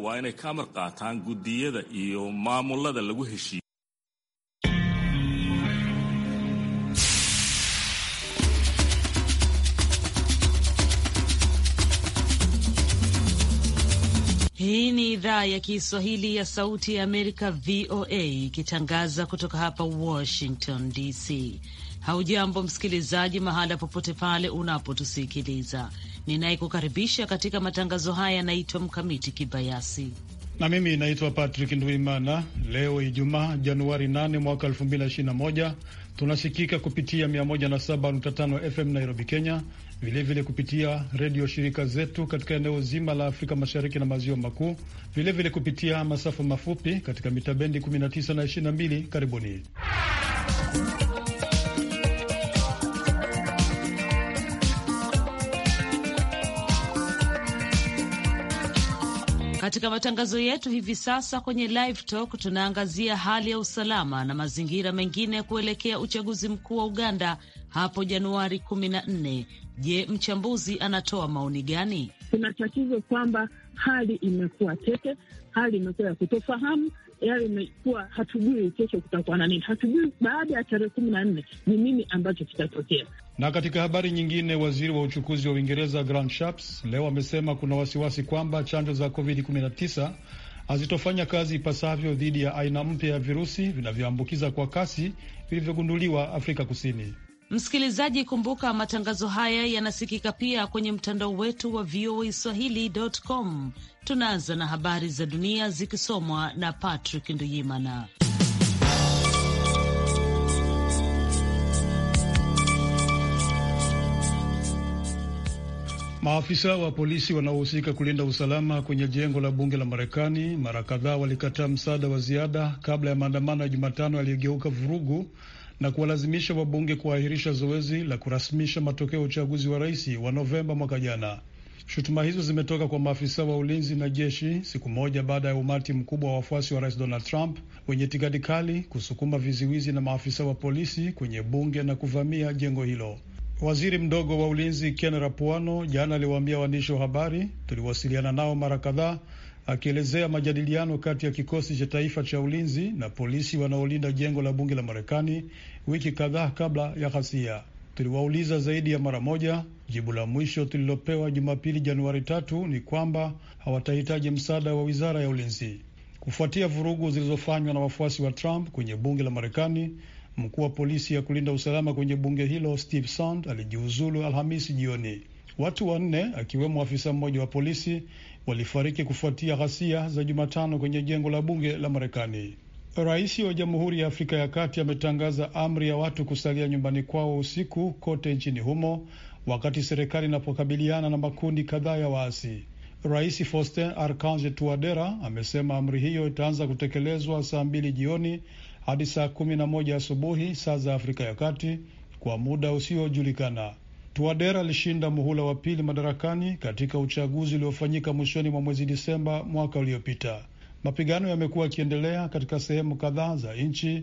waa inay ka amar qaataan guddiyada iyo maamulada lagu heshiiyey. Hii ni idhaa ya Kiswahili ya Sauti ya Amerika, VOA, ikitangaza kutoka hapa Washington DC. Haujambo msikilizaji, mahala popote pale unapotusikiliza, ninayekukaribisha katika matangazo haya yanaitwa Mkamiti Kibayasi na mimi naitwa Patrick nduimana Leo Ijumaa, Januari 8 mwaka 2021, tunasikika kupitia 107.5 FM Nairobi, Kenya, vilevile vile kupitia redio shirika zetu katika eneo zima la Afrika Mashariki na Maziwa Makuu, vilevile kupitia masafa mafupi katika mitabendi 19 na 22. Karibuni Katika matangazo yetu hivi sasa kwenye Live Talk tunaangazia hali ya usalama na mazingira mengine kuelekea uchaguzi mkuu wa Uganda hapo Januari kumi na nne. Je, mchambuzi anatoa maoni gani? Kuna tatizo kwamba hali imekuwa tete, hali imekuwa ya kutofahamu, yayo yaani imekuwa, hatujui kesho kutakuwa na nini, hatujui baada ya tarehe kumi na nne ni nini ambacho kitatokea. Na katika habari nyingine, waziri wa uchukuzi wa Uingereza Grant Shapps leo amesema kuna wasiwasi kwamba chanjo za COVID-19 hazitofanya kazi ipasavyo dhidi ya aina mpya ya virusi vinavyoambukiza kwa kasi vilivyogunduliwa Afrika Kusini. Msikilizaji, kumbuka matangazo haya yanasikika pia kwenye mtandao wetu wa VOA Swahili.com Tunaanza na habari za dunia zikisomwa na Patrick Nduyimana. Maafisa wa polisi wanaohusika kulinda usalama kwenye jengo la bunge la Marekani mara kadhaa walikataa msaada wa ziada kabla ya maandamano ya Jumatano yaliyogeuka vurugu na kuwalazimisha wabunge kuahirisha zoezi la kurasmisha matokeo ya uchaguzi wa rais wa Novemba mwaka jana. Shutuma hizo zimetoka kwa maafisa wa ulinzi na jeshi siku moja baada ya umati mkubwa wa wafuasi wa rais Donald Trump wenye itikadi kali kusukuma viziwizi na maafisa wa polisi kwenye bunge na kuvamia jengo hilo. Waziri mdogo wa ulinzi Ken Rapuano jana aliwaambia waandishi wa habari, tuliwasiliana nao mara kadhaa, akielezea majadiliano kati ya kikosi cha taifa cha ulinzi na polisi wanaolinda jengo la bunge la Marekani wiki kadhaa kabla ya ghasia. Tuliwauliza zaidi ya mara moja. Jibu la mwisho tulilopewa Jumapili, Januari tatu, ni kwamba hawatahitaji msaada wa wizara ya ulinzi kufuatia vurugu zilizofanywa na wafuasi wa Trump kwenye bunge la Marekani. Mkuu wa polisi ya kulinda usalama kwenye bunge hilo Steve Sand alijiuzulu Alhamisi jioni. Watu wanne akiwemo afisa mmoja wa polisi walifariki kufuatia ghasia za Jumatano kwenye jengo la bunge la Marekani. Rais wa Jamhuri ya Afrika ya Kati ametangaza amri ya watu kusalia nyumbani kwao usiku kote nchini humo wakati serikali inapokabiliana na makundi kadhaa ya waasi. Rais Faustin Archange Touadera amesema amri hiyo itaanza kutekelezwa saa mbili jioni hadi saa kumi na moja asubuhi saa za Afrika ya Kati kwa muda usiojulikana. Touadera alishinda muhula wa pili madarakani katika uchaguzi uliofanyika mwishoni mwa mwezi Disemba mwaka uliopita. Mapigano yamekuwa yakiendelea katika sehemu kadhaa za nchi,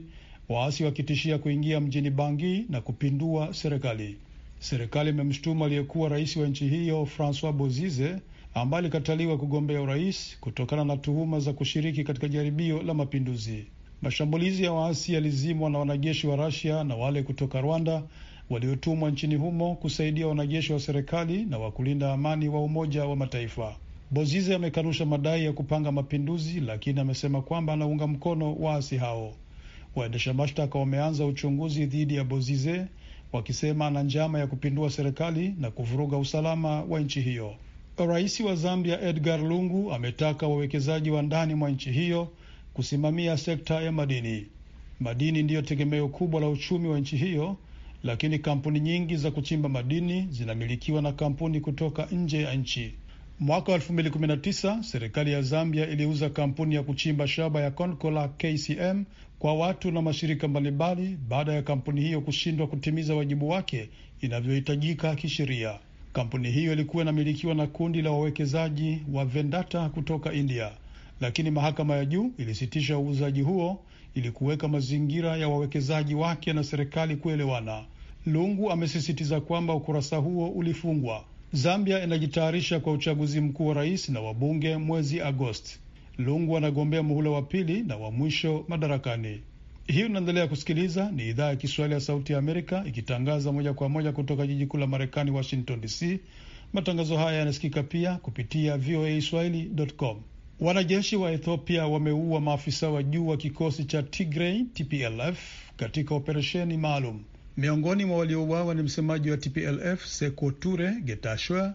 waasi wakitishia kuingia mjini Bangi na kupindua serikali. Serikali imemshutumu aliyekuwa rais wa nchi hiyo Francois Bozize ambaye alikataliwa kugombea urais kutokana na tuhuma za kushiriki katika jaribio la mapinduzi. Mashambulizi ya waasi yalizimwa na wanajeshi wa Rasia na wale kutoka Rwanda waliotumwa nchini humo kusaidia wanajeshi wa serikali na wakulinda amani wa Umoja wa Mataifa. Bozize amekanusha madai ya kupanga mapinduzi, lakini amesema kwamba anaunga mkono waasi hao. Waendesha mashtaka wameanza uchunguzi dhidi ya Bozize wakisema ana njama ya kupindua serikali na kuvuruga usalama wa nchi hiyo. Rais wa Zambia Edgar Lungu ametaka wawekezaji wa ndani mwa nchi hiyo kusimamia sekta ya madini. Madini ndiyo tegemeo kubwa la uchumi wa nchi hiyo, lakini kampuni nyingi za kuchimba madini zinamilikiwa na kampuni kutoka nje ya nchi. Mwaka wa 2019 serikali ya Zambia iliuza kampuni ya kuchimba shaba ya Konkola KCM kwa watu na mashirika mbalimbali baada ya kampuni hiyo kushindwa kutimiza wajibu wake inavyohitajika kisheria. Kampuni hiyo ilikuwa inamilikiwa na kundi la wawekezaji wa Vendata kutoka India, lakini mahakama ya juu ilisitisha uuzaji huo ili kuweka mazingira ya wawekezaji wake na serikali kuelewana. Lungu amesisitiza kwamba ukurasa huo ulifungwa Zambia inajitayarisha kwa uchaguzi mkuu wa rais na wabunge mwezi Agosti. Lungu anagombea muhula wa pili na wa mwisho madarakani. Hii unaendelea kusikiliza, ni idhaa ya Kiswahili ya Sauti ya Amerika ikitangaza moja kwa moja kutoka jiji kuu la Marekani, Washington DC. Matangazo haya yanasikika pia kupitia VOA swahili.com. Wanajeshi wa Ethiopia wameua maafisa wa juu wa kikosi cha Tigray TPLF katika operesheni maalum. Miongoni mwa waliouawa ni msemaji wa TPLF Seko Ture Getashwa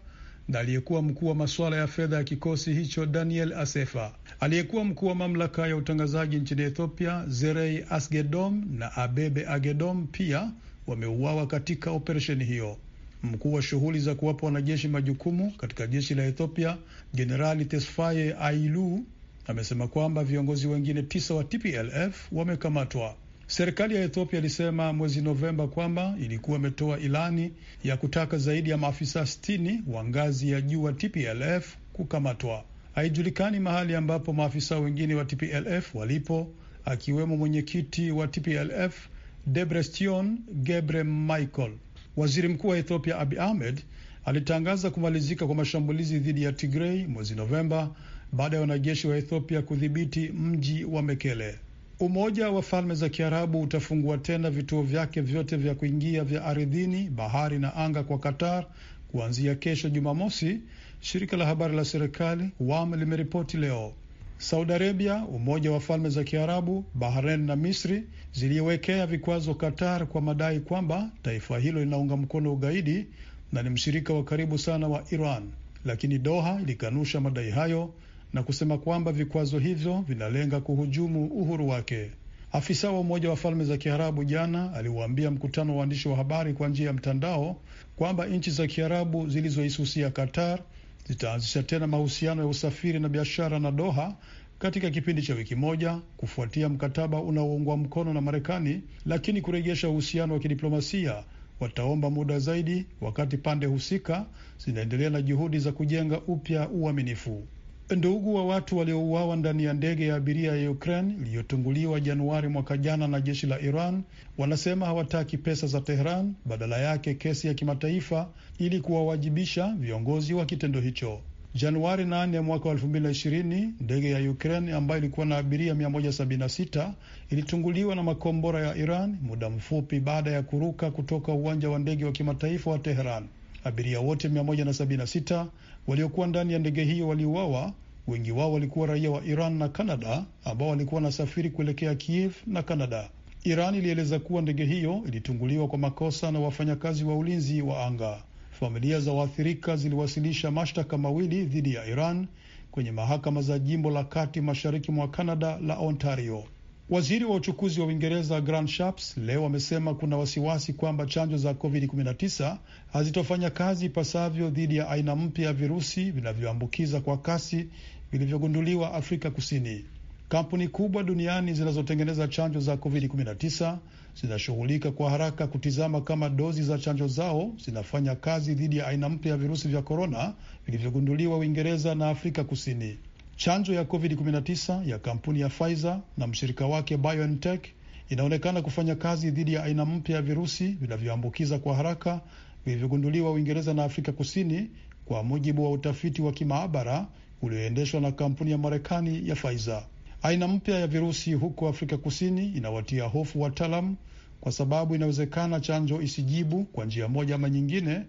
na aliyekuwa mkuu wa masuala ya fedha ya kikosi hicho Daniel Asefa, aliyekuwa mkuu wa mamlaka ya utangazaji nchini Ethiopia Zerei Asgedom na Abebe Agedom pia wameuawa katika operesheni hiyo. Mkuu wa shughuli za kuwapa wanajeshi majukumu katika jeshi la Ethiopia Jenerali Tesfaye Ailu amesema kwamba viongozi wengine tisa wa TPLF wamekamatwa. Serikali ya Ethiopia ilisema mwezi Novemba kwamba ilikuwa imetoa ilani ya kutaka zaidi ya maafisa 60 wa ngazi ya juu wa TPLF kukamatwa. Haijulikani mahali ambapo maafisa wengine wa TPLF walipo, akiwemo mwenyekiti wa TPLF Debrestion Gebre Michael. Waziri Mkuu wa Ethiopia Abi Ahmed alitangaza kumalizika kwa mashambulizi dhidi ya Tigrei mwezi Novemba baada ya wanajeshi wa Ethiopia kudhibiti mji wa Mekele. Umoja wa Falme za Kiarabu utafungua tena vituo vyake vyote vya kuingia vya ardhini, bahari na anga kwa Qatar kuanzia kesho Jumamosi, shirika la habari la serikali WAM limeripoti leo. Saudi Arabia, Umoja wa Falme za Kiarabu, Bahrain na Misri ziliwekea vikwazo Qatar kwa madai kwamba taifa hilo linaunga mkono ugaidi na ni mshirika wa karibu sana wa Iran, lakini Doha ilikanusha madai hayo na kusema kwamba vikwazo hivyo vinalenga kuhujumu uhuru wake. Afisa wa Umoja wa Falme za Kiarabu jana aliwaambia mkutano wa waandishi wa habari kwa njia ya mtandao kwamba nchi za Kiarabu zilizoisusia Qatar zitaanzisha tena mahusiano ya usafiri na biashara na Doha katika kipindi cha wiki moja kufuatia mkataba unaoungwa mkono na Marekani, lakini kurejesha uhusiano wa kidiplomasia wataomba muda zaidi, wakati pande husika zinaendelea na juhudi za kujenga upya uaminifu. Ndugu wa watu waliouawa ndani ya ndege ya abiria ya Ukraine iliyotunguliwa Januari mwaka jana na jeshi la Iran wanasema hawataki pesa za Tehran, badala yake kesi ya kimataifa ili kuwawajibisha viongozi wa kitendo hicho. Januari 8 mwaka wa 2020 ndege ya Ukraine ambayo ilikuwa na abiria 176 ilitunguliwa na makombora ya Iran muda mfupi baada ya kuruka kutoka uwanja wa ndege wa kimataifa wa Tehran. Abiria wote 176 waliokuwa ndani ya ndege hiyo waliuawa. Wengi wao walikuwa raia wa Iran na Kanada ambao walikuwa wanasafiri kuelekea Kiev na Kanada. Iran ilieleza kuwa ndege hiyo ilitunguliwa kwa makosa na wafanyakazi wa ulinzi wa anga. Familia za waathirika ziliwasilisha mashtaka mawili dhidi ya Iran kwenye mahakama za jimbo la kati mashariki mwa Kanada la Ontario. Waziri wa uchukuzi wa Uingereza Grant Shapps leo amesema kuna wasiwasi kwamba chanjo za COVID-19 hazitofanya kazi ipasavyo dhidi ya aina mpya ya virusi vinavyoambukiza kwa kasi vilivyogunduliwa Afrika Kusini. Kampuni kubwa duniani zinazotengeneza chanjo za COVID-19 zinashughulika kwa haraka kutizama kama dozi za chanjo zao zinafanya kazi dhidi ya aina mpya ya virusi vya korona vilivyogunduliwa Uingereza na Afrika Kusini. Chanjo ya COVID-19 ya kampuni ya Pfizer na mshirika wake BioNTech inaonekana kufanya kazi dhidi ya aina mpya ya virusi vinavyoambukiza kwa haraka vilivyogunduliwa Uingereza na Afrika Kusini, kwa mujibu wa utafiti wa kimaabara ulioendeshwa na kampuni ya Marekani ya Pfizer. Aina mpya ya virusi huko Afrika Kusini inawatia hofu wataalamu kwa sababu inawezekana chanjo isijibu kwa njia moja ama nyingine,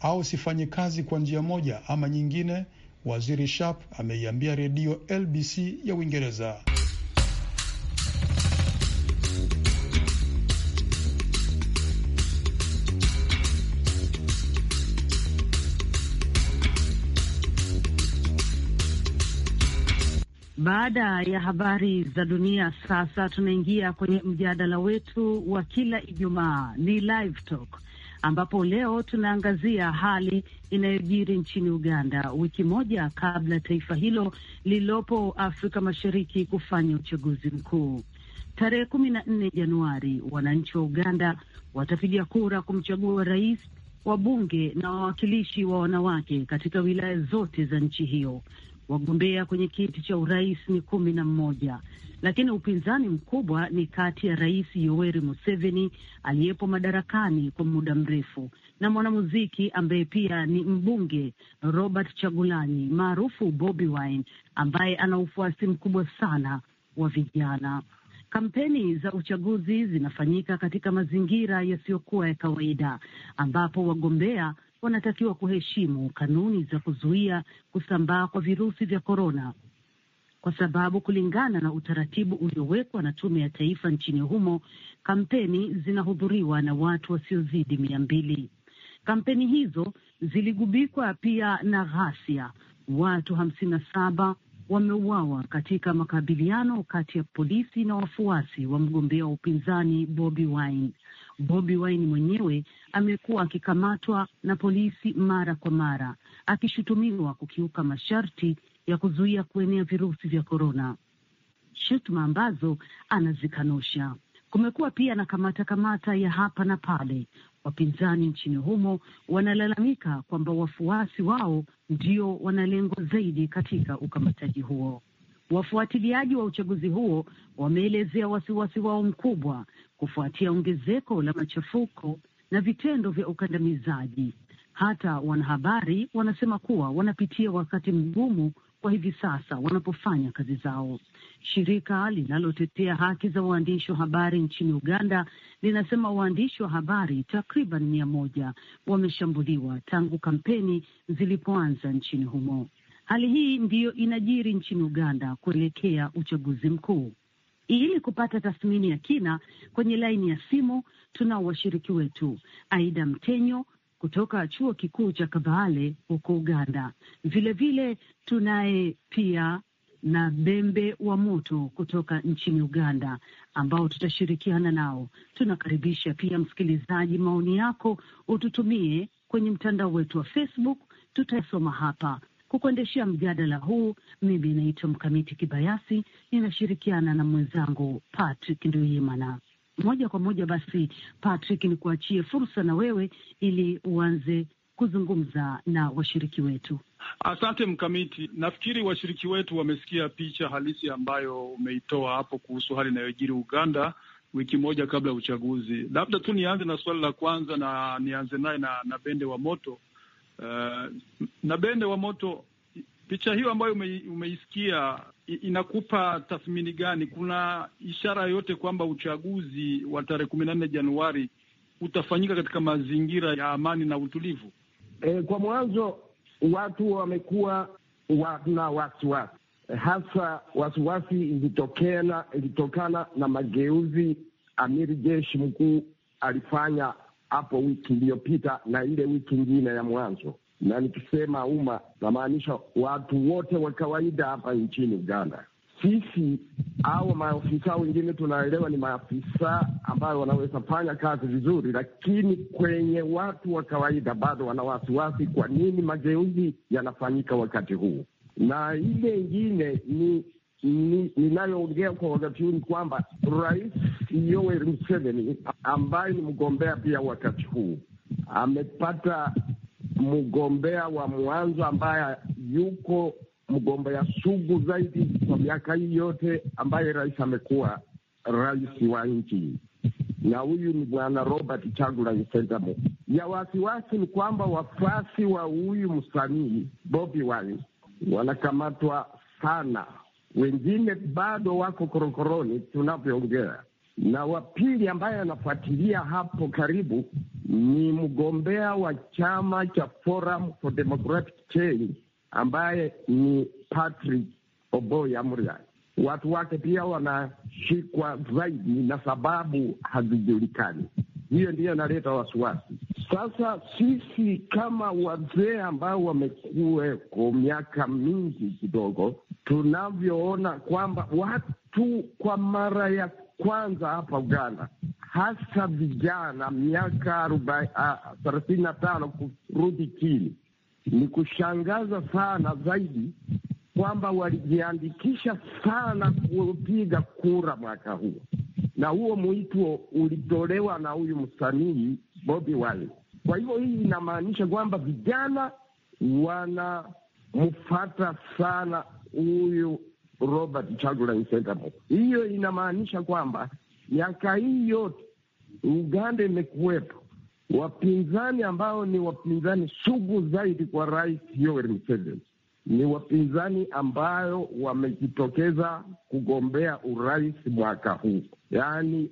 au sifanye kazi kwa njia moja ama nyingine Waziri Sharp ameiambia redio LBC ya Uingereza. Baada ya habari za dunia, sasa tunaingia kwenye mjadala wetu wa kila Ijumaa, ni Live Talk ambapo leo tunaangazia hali inayojiri nchini Uganda, wiki moja kabla taifa hilo lililopo Afrika Mashariki kufanya uchaguzi mkuu tarehe kumi na nne Januari. Wananchi wa Uganda watapiga kura kumchagua rais, wabunge na wawakilishi wa wanawake katika wilaya zote za nchi hiyo. Wagombea kwenye kiti cha urais ni kumi na mmoja, lakini upinzani mkubwa ni kati ya Rais Yoweri Museveni aliyepo madarakani kwa muda mrefu na mwanamuziki ambaye pia ni mbunge Robert Chagulanyi maarufu Bobi Wine, ambaye ana ufuasi mkubwa sana wa vijana. Kampeni za uchaguzi zinafanyika katika mazingira yasiyokuwa ya kawaida ambapo wagombea wanatakiwa kuheshimu kanuni za kuzuia kusambaa kwa virusi vya korona, kwa sababu kulingana na utaratibu uliowekwa na Tume ya Taifa nchini humo, kampeni zinahudhuriwa na watu wasiozidi mia mbili. Kampeni hizo ziligubikwa pia na ghasia. Watu hamsini na saba wameuawa katika makabiliano kati ya polisi na wafuasi wa mgombea wa upinzani Bobi Wine. Bobi Wine mwenyewe amekuwa akikamatwa na polisi mara kwa mara akishutumiwa kukiuka masharti ya kuzuia kuenea virusi vya korona, shutuma ambazo anazikanusha. Kumekuwa pia na kamata kamata ya hapa na pale. Wapinzani nchini humo wanalalamika kwamba wafuasi wao ndio wanalengwa zaidi katika ukamataji huo. Wafuatiliaji wa uchaguzi huo wameelezea wasiwasi wao mkubwa kufuatia ongezeko la machafuko na vitendo vya ukandamizaji. Hata wanahabari wanasema kuwa wanapitia wakati mgumu kwa hivi sasa wanapofanya kazi zao. Shirika linalotetea haki za waandishi wa habari nchini Uganda linasema waandishi wa habari takriban mia moja wameshambuliwa tangu kampeni zilipoanza nchini humo. Hali hii ndiyo inajiri nchini Uganda kuelekea uchaguzi mkuu. Ili kupata tathmini ya kina, kwenye laini ya simu tunao washiriki wetu Aida Mtenyo kutoka chuo kikuu cha Kabale huko Uganda. Vilevile tunaye pia na Bembe wa Moto kutoka nchini Uganda ambao tutashirikiana nao. Tunakaribisha pia msikilizaji, maoni yako ututumie kwenye mtandao wetu wa Facebook, tutasoma hapa Kukuendeshea mjadala huu mimi inaitwa Mkamiti Kibayasi, ninashirikiana na mwenzangu Patrick Nduimana. Moja kwa moja basi, Patrick, ni kuachie fursa na wewe ili uanze kuzungumza na washiriki wetu. Asante Mkamiti. Nafikiri washiriki wetu wamesikia picha halisi ambayo umeitoa hapo kuhusu hali inayojiri Uganda wiki moja kabla ya uchaguzi. Labda tu nianze na swali la kwanza na nianze naye na, na Bende wa Moto Uh, na Bende wa Moto, picha hiyo ambayo ume, umeisikia inakupa tathmini gani? Kuna ishara yoyote kwamba uchaguzi wa tarehe kumi na nne Januari utafanyika katika mazingira ya amani na utulivu? E, kwa mwanzo watu wamekuwa wana wasiwasi, hasa wasiwasi ilitokana na mageuzi amiri jeshi mkuu alifanya hapo wiki iliyopita na ile wiki ingine ya mwanzo. Na nikisema umma, namaanisha watu wote wa kawaida hapa nchini Uganda. Sisi au maafisa wengine tunaelewa ni maafisa ambayo wanaweza fanya kazi vizuri, lakini kwenye watu wa kawaida bado wana wasiwasi. Kwa nini mageuzi yanafanyika wakati huu? Na ile ingine ni ninayoongea kwa wakati huu ni kwamba Rais Yoweri Museveni ambaye ni mgombea pia wakati huu amepata mgombea wa mwanzo ambaye yuko mgombea sugu zaidi kwa miaka hii yote ambaye rais amekuwa rais wa nchi, na huyu ni bwana Robert Kyagulanyi Ssentamu. Ya wasiwasi ni kwamba wafuasi wa huyu msanii Bobi Wine wanakamatwa sana wengine bado wako korokoroni tunavyoongea. Na wa pili ambaye anafuatilia hapo karibu ni mgombea wa chama cha Forum for Democratic Change ambaye ni Patrick Oboi Amuriat. Watu wake pia wanashikwa zaidi na sababu hazijulikani. Hiyo ndiyo inaleta wasiwasi. Sasa sisi kama wazee ambao wamekuweko miaka mingi kidogo, tunavyoona kwamba watu kwa mara ya kwanza hapa Uganda, hasa vijana miaka ah, thelathini na tano kurudi chini, ni kushangaza sana zaidi kwamba walijiandikisha sana kupiga kura mwaka huo, na huo mwito ulitolewa na huyu msanii Bobi Wine. Kwa hivyo hii inamaanisha kwamba vijana wanamfata sana huyu Robert Kyagulanyi Ssentamu. Hiyo inamaanisha kwamba miaka hii yote Uganda imekuwepo wapinzani ambao ni wapinzani sugu zaidi kwa Rais Yoweri Museveni, ni wapinzani ambayo wamejitokeza kugombea urais mwaka huu, yaani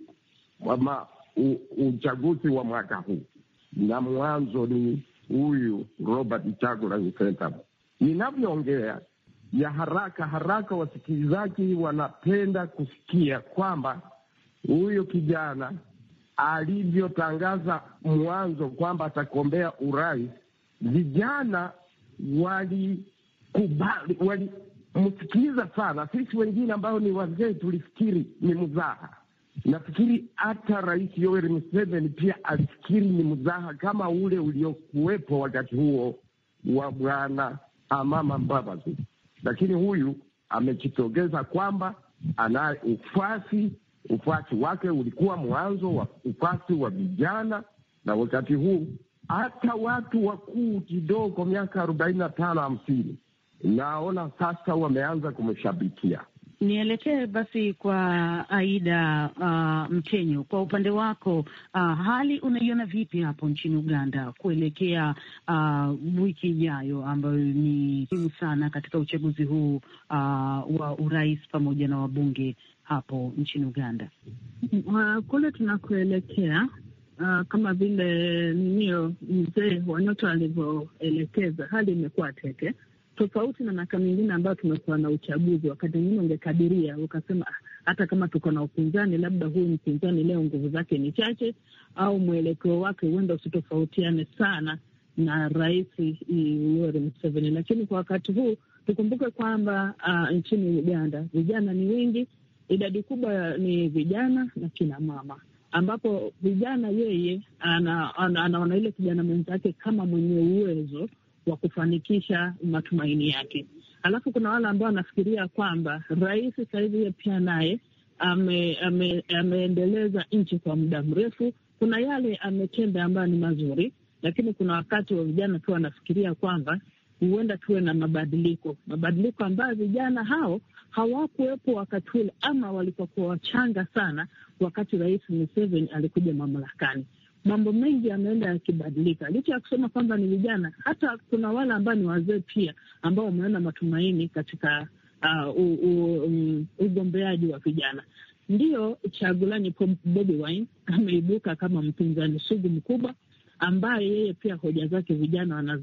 uchaguzi wa mwaka huu, na mwanzo ni huyu Robert Kyagulanyi Ssentamu. Ninavyoongea ya haraka haraka, wasikilizaji wanapenda kusikia kwamba huyo kijana alivyotangaza mwanzo kwamba atagombea urais, vijana walikubali, walimsikiliza sana. Sisi wengine ambao ni wazee tulifikiri ni mzaha. Nafikiri hata Rais Yoweri Museveni pia alifikiri ni mzaha kama ule uliokuwepo wakati huo wa Bwana Amama Mbabazi lakini huyu amejitogeza kwamba ana ufasi ufasi wake ulikuwa mwanzo wa ufasi wa vijana, na wakati huu hata watu wakuu kidogo, miaka arobaini na tano hamsini, naona sasa wameanza kumshabikia. Nielekee basi kwa Aida uh, Mtenyo, kwa upande wako uh, hali unaiona vipi hapo nchini Uganda kuelekea uh, wiki ijayo ambayo ni muhimu sana katika uchaguzi huu uh, wa urais pamoja na wabunge hapo nchini Uganda? Uh, kule tunakuelekea uh, kama vile ninio mzee Wanoto alivyoelekeza, hali imekuwa teke tofauti na miaka mingine ambayo tumekuwa na uchaguzi. Wakati mwingine ungekadiria ukasema, ah, hata kama tuko na upinzani, labda huyu mpinzani leo nguvu zake ni chache, au mwelekeo wake huenda usitofautiane sana na Rais eh, Yoweri Museveni. Lakini kwa wakati huu tukumbuke kwamba uh, nchini Uganda vijana ni wengi, idadi kubwa ni vijana na kina mama, ambapo vijana yeye anaona ana, ana, ana ile kijana mwenzake kama mwenye uwezo wa kufanikisha matumaini yake. Alafu kuna wale ambao wanafikiria kwamba rais sahizi pia naye ame, ame, ameendeleza nchi kwa muda mrefu. Kuna yale ametenda ambayo ni mazuri, lakini kuna wakati wa vijana pia wanafikiria kwamba huenda tuwe na mabadiliko, mabadiliko ambayo vijana hao hawakuwepo wakati ule ama walipokuwa wachanga sana wakati Rais Museveni alikuja mamlakani mambo mengi yameenda yakibadilika, licha ya kusema kwamba ni vijana. Hata kuna wale ambao ni wazee pia ambao wameona matumaini katika uh, um, ugombeaji uh, wa vijana. Ndiyo, Chagulanyi Bobi Wine ameibuka kama mpinzani sugu mkubwa, ambaye yeye pia hoja zake vijana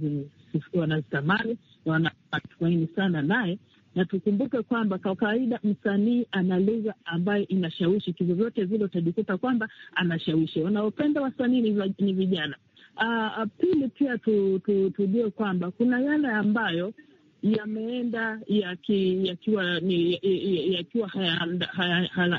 wanazitamani, wanamatumaini sana naye na tukumbuke kwamba kwa kawaida msanii ana lugha ambayo inashawishi, kivyovyote vile utajikuta kwamba anashawishi. Wanaopenda wasanii ni vijana. Uh, pili pia tu, tu, tujue kwamba kuna yale ambayo yameenda yakiwa yakiwa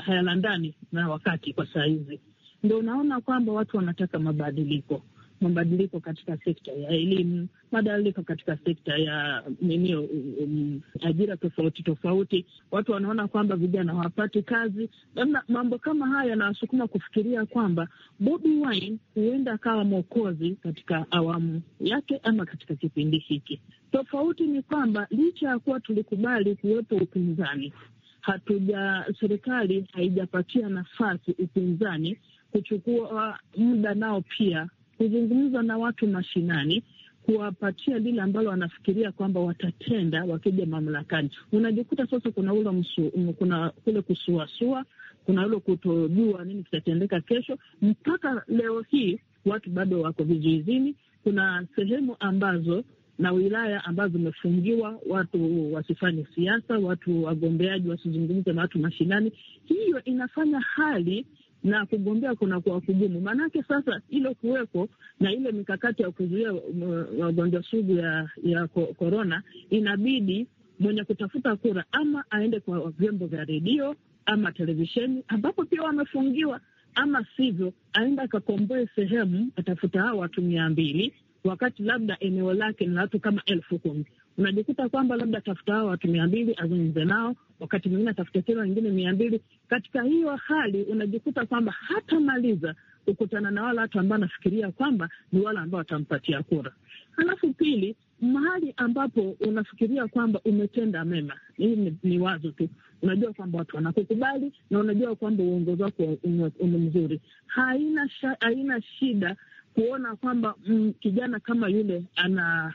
hayalandani na wakati kwa saa hizi, ndo unaona kwamba watu wanataka mabadiliko mabadiliko katika sekta ya elimu, mabadiliko katika sekta ya nini, um, um, ajira tofauti tofauti. Watu wanaona kwamba vijana hawapati kazi, namna, mambo kama haya yanawasukuma kufikiria kwamba Bobi Wine huenda akawa mwokozi katika awamu yake ama katika kipindi hiki. Tofauti ni kwamba licha ya kuwa tulikubali kuwepo upinzani, hatuja serikali haijapatia nafasi upinzani kuchukua muda nao pia kuzungumza na watu mashinani kuwapatia lile ambalo wanafikiria kwamba watatenda wakija mamlakani. Unajikuta sasa kuna ule msu, kuna kule kusuasua, kuna ule kutojua nini kitatendeka kesho. Mpaka leo hii watu bado wako vizuizini. Kuna sehemu ambazo na wilaya ambazo zimefungiwa, watu wasifanye siasa, watu wagombeaji wasizungumze na watu mashinani. Hiyo inafanya hali na kugombea kuna kuwa kugumu. Maanake sasa ile kuweko na ile mikakati ya kuzuia magonjwa uh, sugu ya ya korona, inabidi mwenye kutafuta kura ama aende kwa vyombo vya redio ama televisheni ambapo pia wamefungiwa, ama sivyo aende akakomboe sehemu, atafuta hao watu mia mbili wakati labda eneo lake ni watu kama elfu kumi unajikuta kwamba labda tafuta hao watu mia mbili azungumze nao, wakati mwingine atafute tena wengine mia mbili. Katika hiyo hali unajikuta kwamba hatamaliza kukutana na wale watu ambao anafikiria kwamba ni wale ambao watampatia kura. Halafu pili, mahali ambapo unafikiria kwamba umetenda mema, hii ni, ni wazo tu. Unajua kwamba watu wanakukubali na unajua kwamba uongozi wako ni mzuri, haina, haina shida kuona kwamba mm, kijana kama yule ana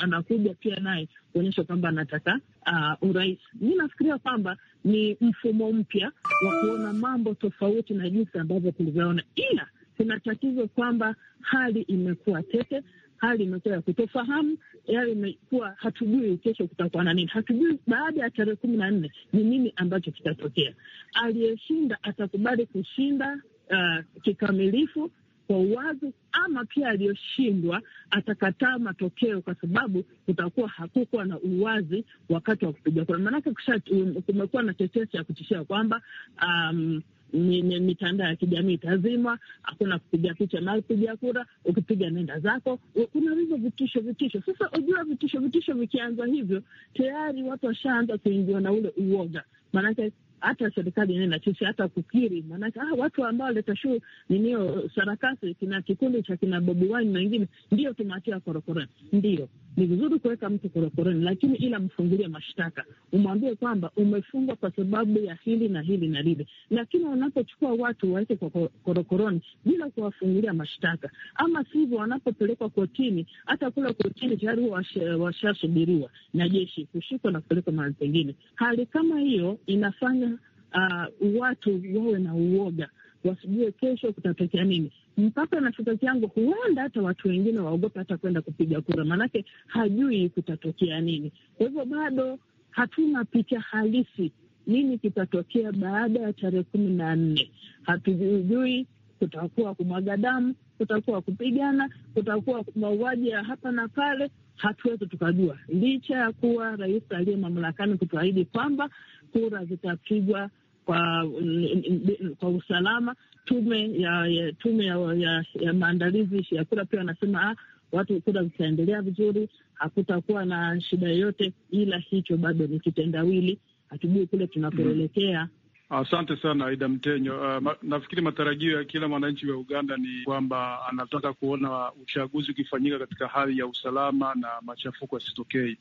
anakuja pia naye kuonyesha kwamba anataka uh, urais. Mi nafikiria kwamba ni mfumo mpya wa kuona mambo tofauti na jinsi ambavyo tulivyoona, ila kuna tatizo kwamba hali imekuwa tete, hali imekuwa ya kutofahamu, yale yaani imekuwa hatujui kesho kutakuwa na nini, hatujui baada ya tarehe kumi na nne ni nini ambacho kitatokea. Aliyeshinda atakubali kushinda uh, kikamilifu kwa uwazi, ama pia aliyoshindwa atakataa matokeo, kwa sababu kutakuwa hakukuwa na uwazi wakati wa kupiga kura. Maanake um, kumekuwa na tetesi ya kutishia kwamba um, mitandao ya kijamii itazimwa, hakuna kupiga picha na kupiga kura, ukipiga nenda zako. Kuna hivyo vitisho, vitisho. Sasa ujua, vitisho vitisho vikianza hivyo, tayari watu washaanza kuingiwa na ule uoga, maanake hata serikali yenyewe nachisi hata kukiri, maanake ah, watu ambao waleta shuu ninio sarakasi kina kikundi cha kina Bobi Wine na wengine ndio tumeatia korokoroni, ndio ni vizuri kuweka mtu korokoroni, lakini ila mfungulie mashtaka, umwambie kwamba umefungwa kwa sababu ya hili na hili na lile. Lakini wanapochukua watu waweke kwa korokoroni bila kuwafungulia mashtaka, ama sivyo, wanapopelekwa kotini, hata kula kotini tayari huwa washasubiriwa na jeshi kushikwa na kupelekwa mahali pengine. Hali kama hiyo inafanya uh, watu wawe na uoga wasijue kesho kutatokea nini. Mpaka nafika kiango, huenda hata watu wengine waogope hata kwenda kupiga kura, maanake hajui kutatokea nini. Kwa hivyo bado hatuna picha halisi nini kitatokea baada ya tarehe kumi na nne. Hatujui kutakuwa kumwaga damu, kutakuwa kupigana, kutakuwa mauaji ya hapa na pale, hatuwezi tukajua, licha ya kuwa rais aliye mamlakani kutuahidi kwamba kura zitapigwa kwa, mm, kwa usalama. Tume ya, ya tume ya, ya, ya maandalizi ya kura pia wanasema ah, watu kura zitaendelea vizuri, hakutakuwa na shida yoyote, ila hicho bado ni kitendawili. Hatujui kule tunakoelekea mm. Asante sana Aida Mtenyo. Uh, ma, nafikiri matarajio ya kila mwananchi wa Uganda ni kwamba anataka kuona uchaguzi ukifanyika katika hali ya usalama na machafuko yasitokei.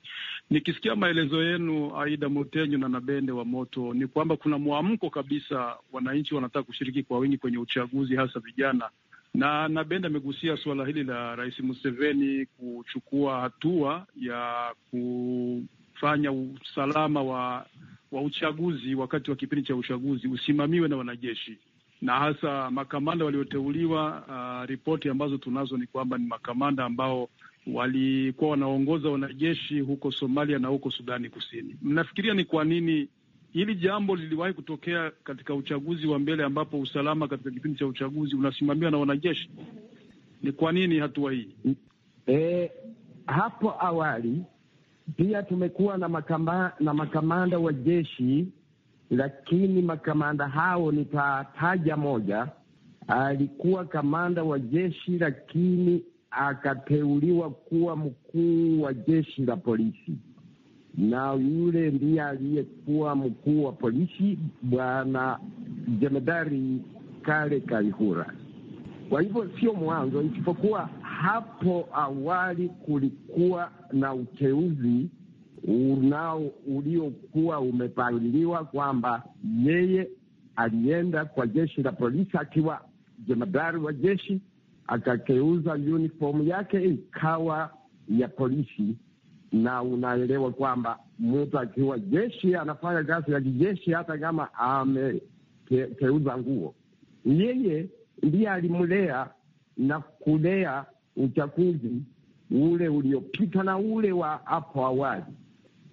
Nikisikia maelezo yenu Aida Mtenyo na Nabende wa Moto, ni kwamba kuna mwamko kabisa, wananchi wanataka kushiriki kwa wingi kwenye uchaguzi, hasa vijana na nabende amegusia suala hili la Rais Museveni kuchukua hatua ya kufanya usalama wa wa uchaguzi wakati wa kipindi cha uchaguzi usimamiwe na wanajeshi na hasa makamanda walioteuliwa. Uh, ripoti ambazo tunazo ni kwamba ni makamanda ambao walikuwa wanaongoza wanajeshi huko Somalia na huko Sudani Kusini. Mnafikiria ni kwa nini hili jambo liliwahi kutokea katika uchaguzi wa mbele, ambapo usalama katika kipindi cha uchaguzi unasimamiwa na wanajeshi? Ni kwa nini hatua hii? E, hapo awali pia tumekuwa na makama, na makamanda wa jeshi, lakini makamanda hao nitataja moja. Alikuwa kamanda wa jeshi lakini akateuliwa kuwa mkuu wa jeshi la polisi, na yule ndiye aliyekuwa mkuu wa polisi Bwana Jemedari Kale Kaihura. Kwa hivyo sio mwanzo, isipokuwa hapo awali kulikuwa na uteuzi unao uliokuwa umepangiliwa kwamba yeye alienda kwa jeshi la polisi akiwa jemadari wa jeshi, akateuza uniform yake ikawa ya polisi, na unaelewa kwamba mtu akiwa jeshi anafanya kazi ya kijeshi, hata kama ameteuza nguo. Yeye ndiye alimlea na kulea uchaguzi ule uliopita na ule wa hapo awali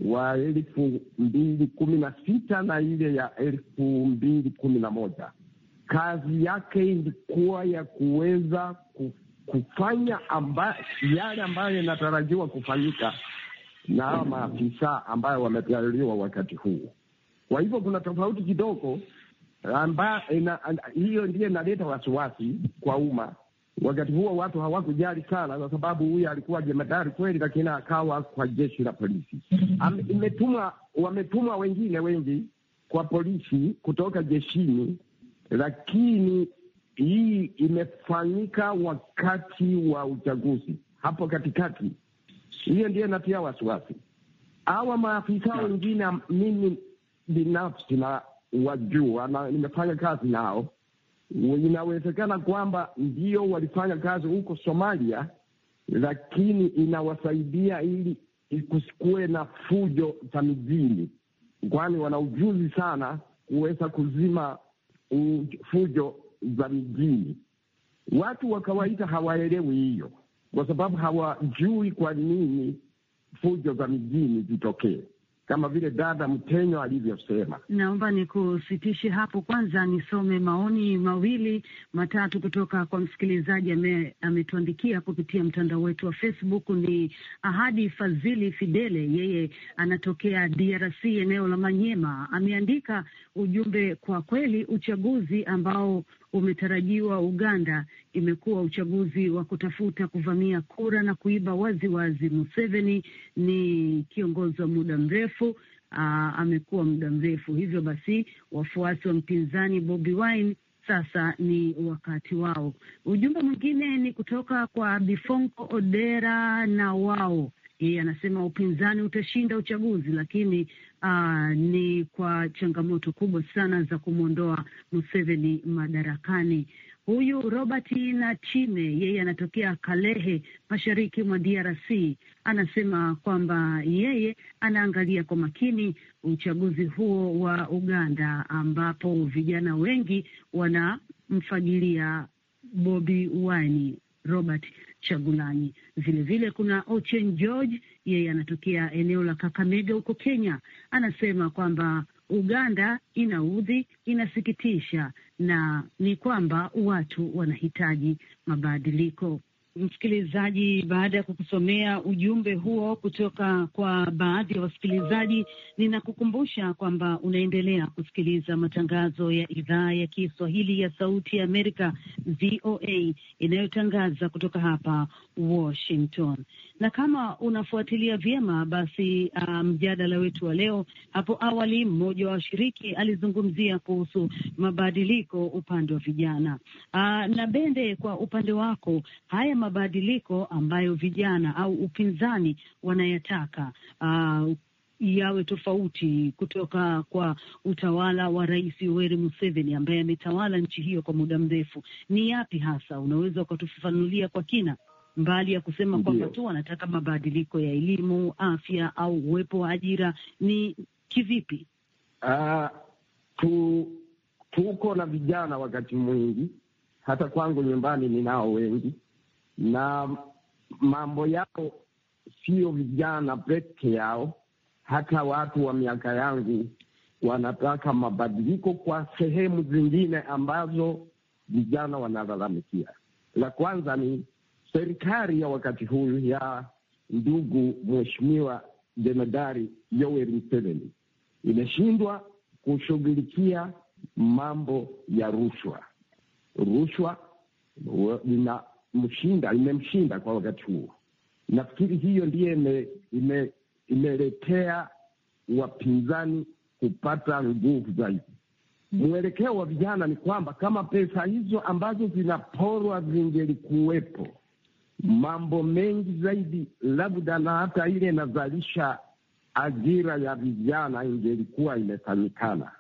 wa elfu mbili kumi na sita na ile ya elfu mbili kumi na moja kazi yake ilikuwa ya kuweza kufanya amba, yale ambayo yanatarajiwa kufanyika na hawa maafisa ambayo wameteuliwa wakati huu. Kwa hivyo kuna tofauti kidogo hiyo, ndiyo inaleta wasiwasi kwa umma Wakati huo watu hawakujali sana, kwa sababu huyu alikuwa jemadari kweli, lakini akawa kwa jeshi la polisi. Imetumwa, wametumwa wengine wengi kwa polisi kutoka jeshini, lakini hii imefanyika wakati wa uchaguzi hapo katikati. Hiyo ndiyo inatia wasiwasi. Hawa maafisa wengine, mimi binafsi na wajua, na nimefanya kazi nao inawezekana kwamba ndio walifanya kazi huko Somalia, lakini inawasaidia ili kusikuwe na fujo za mijini, kwani wana ujuzi sana kuweza kuzima fujo za mijini. Watu wa kawaida hawaelewi hiyo, kwa sababu hawajui kwa nini fujo za mijini zitokee kama vile dada Mtenyo alivyosema. Naomba nikusitishe hapo kwanza, nisome maoni mawili matatu kutoka kwa msikilizaji ametuandikia kupitia mtandao wetu wa Facebook. Ni Ahadi Fazili Fidele, yeye anatokea DRC, eneo la Manyema. Ameandika ujumbe, kwa kweli uchaguzi ambao umetarajiwa Uganda imekuwa uchaguzi wa kutafuta kuvamia kura na kuiba waziwazi wazi. Museveni ni kiongozi wa muda mrefu amekuwa muda mrefu hivyo basi, wafuasi wa mpinzani Bobi Wine sasa ni wakati wao. Ujumbe mwingine ni kutoka kwa Bifonko Odera na wao yeye anasema upinzani utashinda uchaguzi, lakini aa, ah, ni kwa changamoto kubwa sana za kumwondoa Museveni madarakani. Huyu Robert Nachime yeye anatokea Kalehe, mashariki mwa DRC, anasema kwamba yeye anaangalia kwa makini uchaguzi huo wa Uganda, ambapo vijana wengi wanamfagilia Bobi Wine Robert Chagulanyi. Vilevile kuna Ochen George yeye anatokea eneo la Kakamega huko Kenya, anasema kwamba Uganda inaudhi, inasikitisha na ni kwamba watu wanahitaji mabadiliko. Msikilizaji, baada ya kukusomea ujumbe huo kutoka kwa baadhi ya wasikilizaji, ninakukumbusha kwamba unaendelea kusikiliza matangazo ya idhaa ya Kiswahili ya Sauti ya Amerika, VOA, inayotangaza kutoka hapa Washington na kama unafuatilia vyema basi uh, mjadala um, wetu wa leo, hapo awali mmoja wa washiriki alizungumzia kuhusu mabadiliko upande wa vijana. uh, na Bende, kwa upande wako, haya mabadiliko ambayo vijana au upinzani wanayataka uh, yawe tofauti kutoka kwa utawala wa Rais Yoweri Museveni ambaye ametawala nchi hiyo kwa muda mrefu, ni yapi hasa? Unaweza ukatufafanulia kwa kina? mbali ya kusema kwamba tu wanataka mabadiliko ya elimu, afya au uwepo wa ajira. Ni kivipi? Uh, tu, tuko na vijana wakati mwingi, hata kwangu nyumbani ninao wengi, na mambo yao sio vijana peke yao, hata watu wa miaka yangu wanataka mabadiliko kwa sehemu zingine ambazo vijana wanalalamikia. La kwanza ni serikali ya wakati huu ya ndugu mheshimiwa jemedari Yoweri Museveni imeshindwa kushughulikia mambo ya rushwa. Rushwa inamshinda, imemshinda kwa wakati huo. Nafikiri hiyo ndiyo ime, imeletea wapinzani kupata nguvu zaidi. Mwelekeo wa vijana ni kwamba kama pesa hizo ambazo zinaporwa zingelikuwepo mambo mengi zaidi, labda na hata ile inazalisha ajira ya vijana ingelikuwa imefanyikana.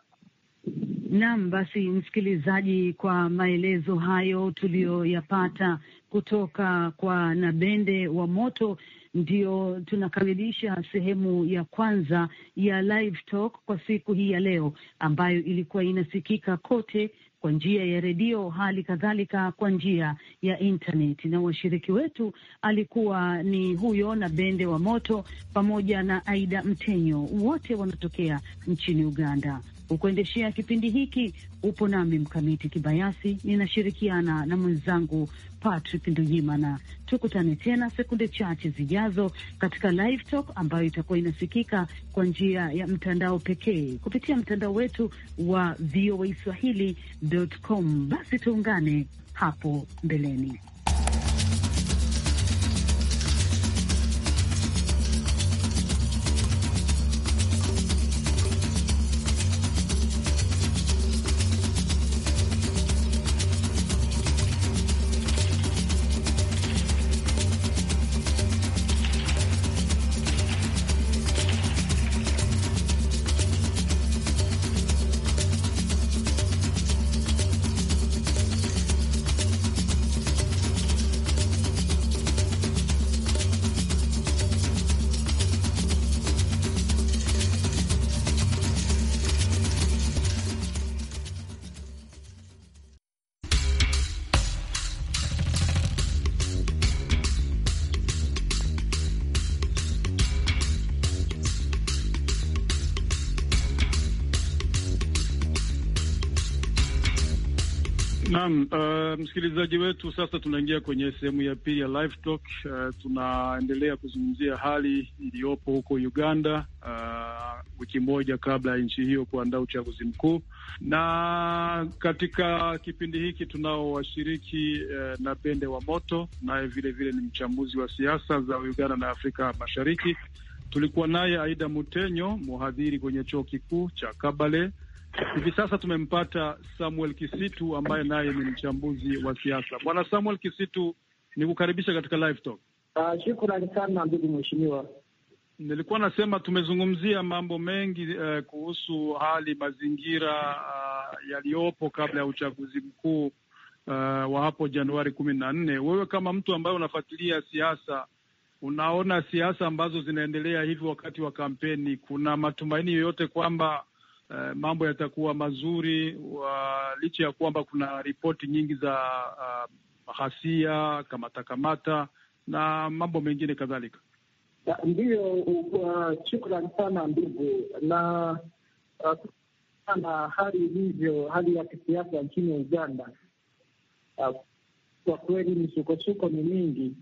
Naam, basi msikilizaji, kwa maelezo hayo tuliyoyapata kutoka kwa Nabende wa Moto, ndio tunakamilisha sehemu ya kwanza ya Live Talk kwa siku hii ya leo ambayo ilikuwa inasikika kote kwa njia ya redio, hali kadhalika kwa njia ya intaneti. Na washiriki wetu alikuwa ni huyo na Bende wa Moto pamoja na Aida Mtenyo, wote wanatokea nchini Uganda. Ukuendeshea kipindi hiki upo nami Mkamiti Kibayasi, ninashirikiana na mwenzangu Patrick Nduyimana. Tukutane tena sekunde chache zijazo katika Live Talk ambayo itakuwa inasikika kwa njia ya mtandao pekee kupitia mtandao wetu wa voa swahilicom Basi tuungane hapo mbeleni. Naam, uh, uh, msikilizaji wetu, sasa tunaingia kwenye sehemu ya pili ya live talk. Uh, tunaendelea kuzungumzia hali iliyopo huko Uganda, uh, wiki moja kabla ya nchi hiyo kuandaa uchaguzi mkuu, na katika kipindi hiki tunao washiriki uh, na Bende wa Moto, naye vile vile ni mchambuzi wa siasa za Uganda na Afrika Mashariki. Tulikuwa naye Aida Mutenyo, mhadhiri kwenye chuo kikuu cha Kabale Hivi sasa tumempata Samuel Kisitu ambaye naye ni mchambuzi wa siasa. Bwana Samuel Kisitu, ni kukaribisha katika Live Talk. Uh, shukrani sana ndugu mheshimiwa. Nilikuwa nasema tumezungumzia mambo mengi uh, kuhusu hali mazingira uh, yaliyopo kabla ya uchaguzi mkuu uh, wa hapo Januari kumi na nne. Wewe kama mtu ambaye unafuatilia siasa, unaona siasa ambazo zinaendelea hivi wakati wa kampeni, kuna matumaini yoyote kwamba uh, mambo yatakuwa mazuri wa, licha ya kwamba kuna ripoti nyingi za uh, ghasia, kamatakamata na mambo mengine kadhalika. Ndiyo, uh, shukran sana ndugu na ah, na hali ilivyo, hali ya kisiasa nchini Uganda uh, kwa kweli misukosuko ni mingi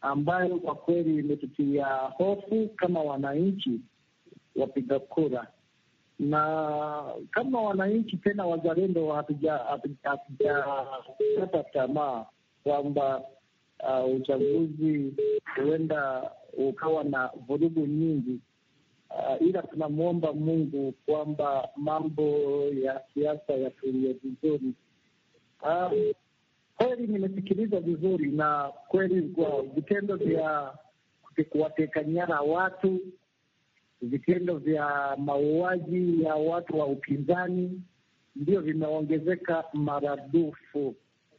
ambayo kwa kweli imetutia hofu kama wananchi wapiga kura na kama wananchi tena wazalendo hatujakata tamaa kwamba uh, uchaguzi huenda ukawa na vurugu nyingi. Uh, ila tunamwomba Mungu kwamba mambo ya siasa yatulie vizuri. Uh, kweli nimesikiliza vizuri, na kweli kwa vitendo vya kuwateka nyara watu vitendo vya mauaji ya watu wa upinzani ndio vimeongezeka maradufu,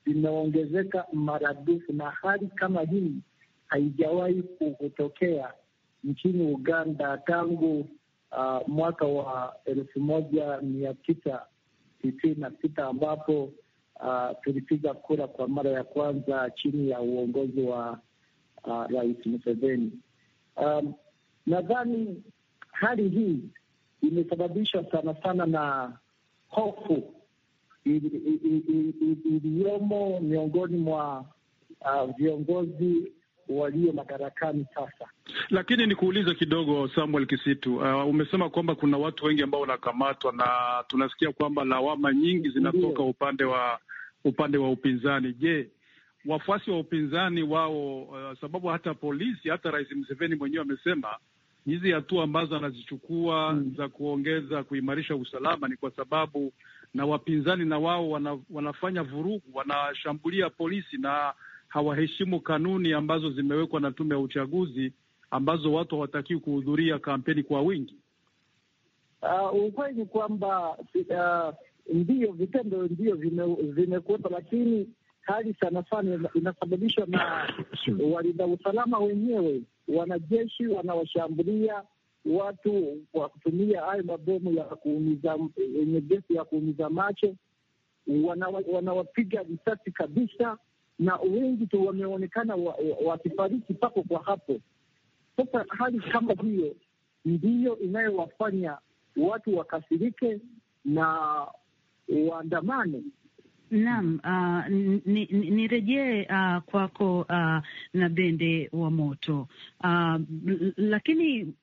vimeongezeka maradufu, na hali kama hii haijawahi kutokea nchini Uganda tangu uh, mwaka wa elfu moja mia tisa tisini na sita ambapo uh, tulipiga kura kwa mara ya kwanza chini ya uongozi wa uh, Rais Museveni. Um, nadhani hali hii imesababishwa sana sana na hofu iliyomo miongoni mwa uh, viongozi walio madarakani sasa. Lakini nikuulize kidogo, Samuel Kisitu, uh, umesema kwamba kuna watu wengi ambao wanakamatwa na tunasikia kwamba lawama nyingi zinatoka upande wa upande wa upinzani. Je, wafuasi wa upinzani wao, uh, sababu hata polisi, hata Rais Museveni mwenyewe amesema hizi hatua ambazo anazichukua mm, za kuongeza kuimarisha usalama ni kwa sababu na wapinzani na wao wana, wanafanya vurugu, wanashambulia polisi na hawaheshimu kanuni ambazo zimewekwa na tume ya uchaguzi ambazo watu hawatakiwi kuhudhuria kampeni kwa wingi. Uh, ukweli ni kwamba uh, ndiyo vitendo ndiyo vimekuwepo, lakini hali sana sana inasababishwa na walinda usalama wenyewe wanajeshi wanawashambulia watu kwa kutumia hayo mabomu ya kuumiza yenye gesi ya kuumiza macho, wanawapiga wana risasi kabisa, na wengi tu wameonekana wakifariki wa, wa papo kwa hapo. Sasa hali kama hiyo ndiyo inayowafanya watu wakasirike na waandamane Naam, uh, nirejee ni, ni uh, kwako uh, na Bende wa Moto uh, lakini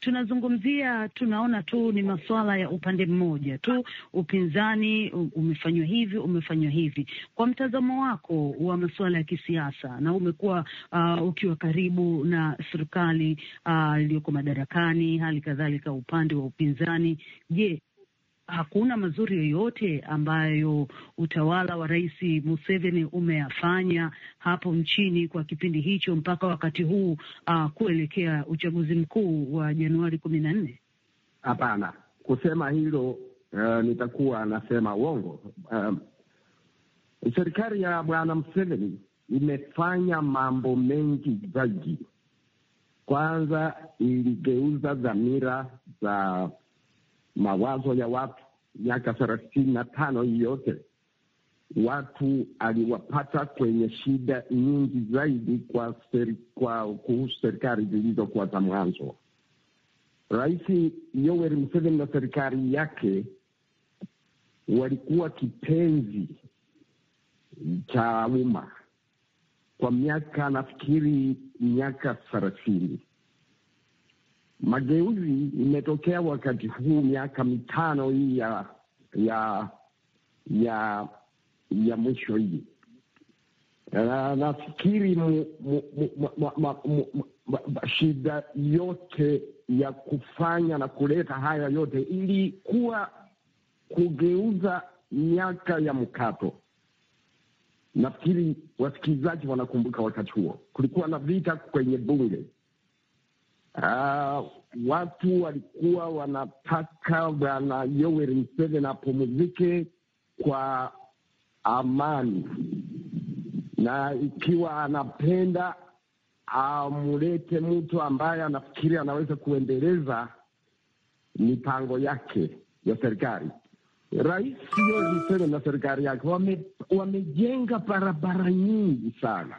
tunazungumzia tunaona tu ni masuala ya upande mmoja tu, upinzani umefanywa hivi, umefanywa hivi. Kwa mtazamo wako wa masuala ya kisiasa, na umekuwa uh, ukiwa karibu na serikali uh, iliyoko uh, madarakani, hali kadhalika upande wa upinzani, je, hakuna mazuri yoyote ambayo utawala wa Rais Museveni umeyafanya hapo nchini kwa kipindi hicho mpaka wakati huu uh, kuelekea uchaguzi mkuu wa Januari kumi na nne. Hapana, kusema hilo uh, nitakuwa nasema uongo. Um, serikali ya Bwana Museveni imefanya mambo mengi zaidi. Kwanza iligeuza dhamira za mawazo ya watu miaka thelathini na tano hii yote watu aliwapata kwenye shida nyingi zaidi kwa, seri, kwa kuhusu serikali zilizokuwa za mwanzo. Rais Yoweri Museveni na serikali yake walikuwa kipenzi cha umma kwa miaka nafikiri miaka thelathini Mageuzi imetokea wakati huu, miaka mitano hii ya ya ya ya mwisho hii, na nafikiri shida yote ya kufanya na kuleta haya yote ilikuwa kugeuza miaka ya mkato. Nafikiri wasikilizaji wanakumbuka wakati huo kulikuwa na vita kwenye bunge Uh, watu walikuwa wanataka bwana Yoweri Museveni apumzike kwa amani, na ikiwa anapenda amulete mtu ambaye anafikiri anaweza kuendeleza mipango yake ya serikali. Rais Yoweri Museveni na serikali yake wamejenga wame barabara nyingi sana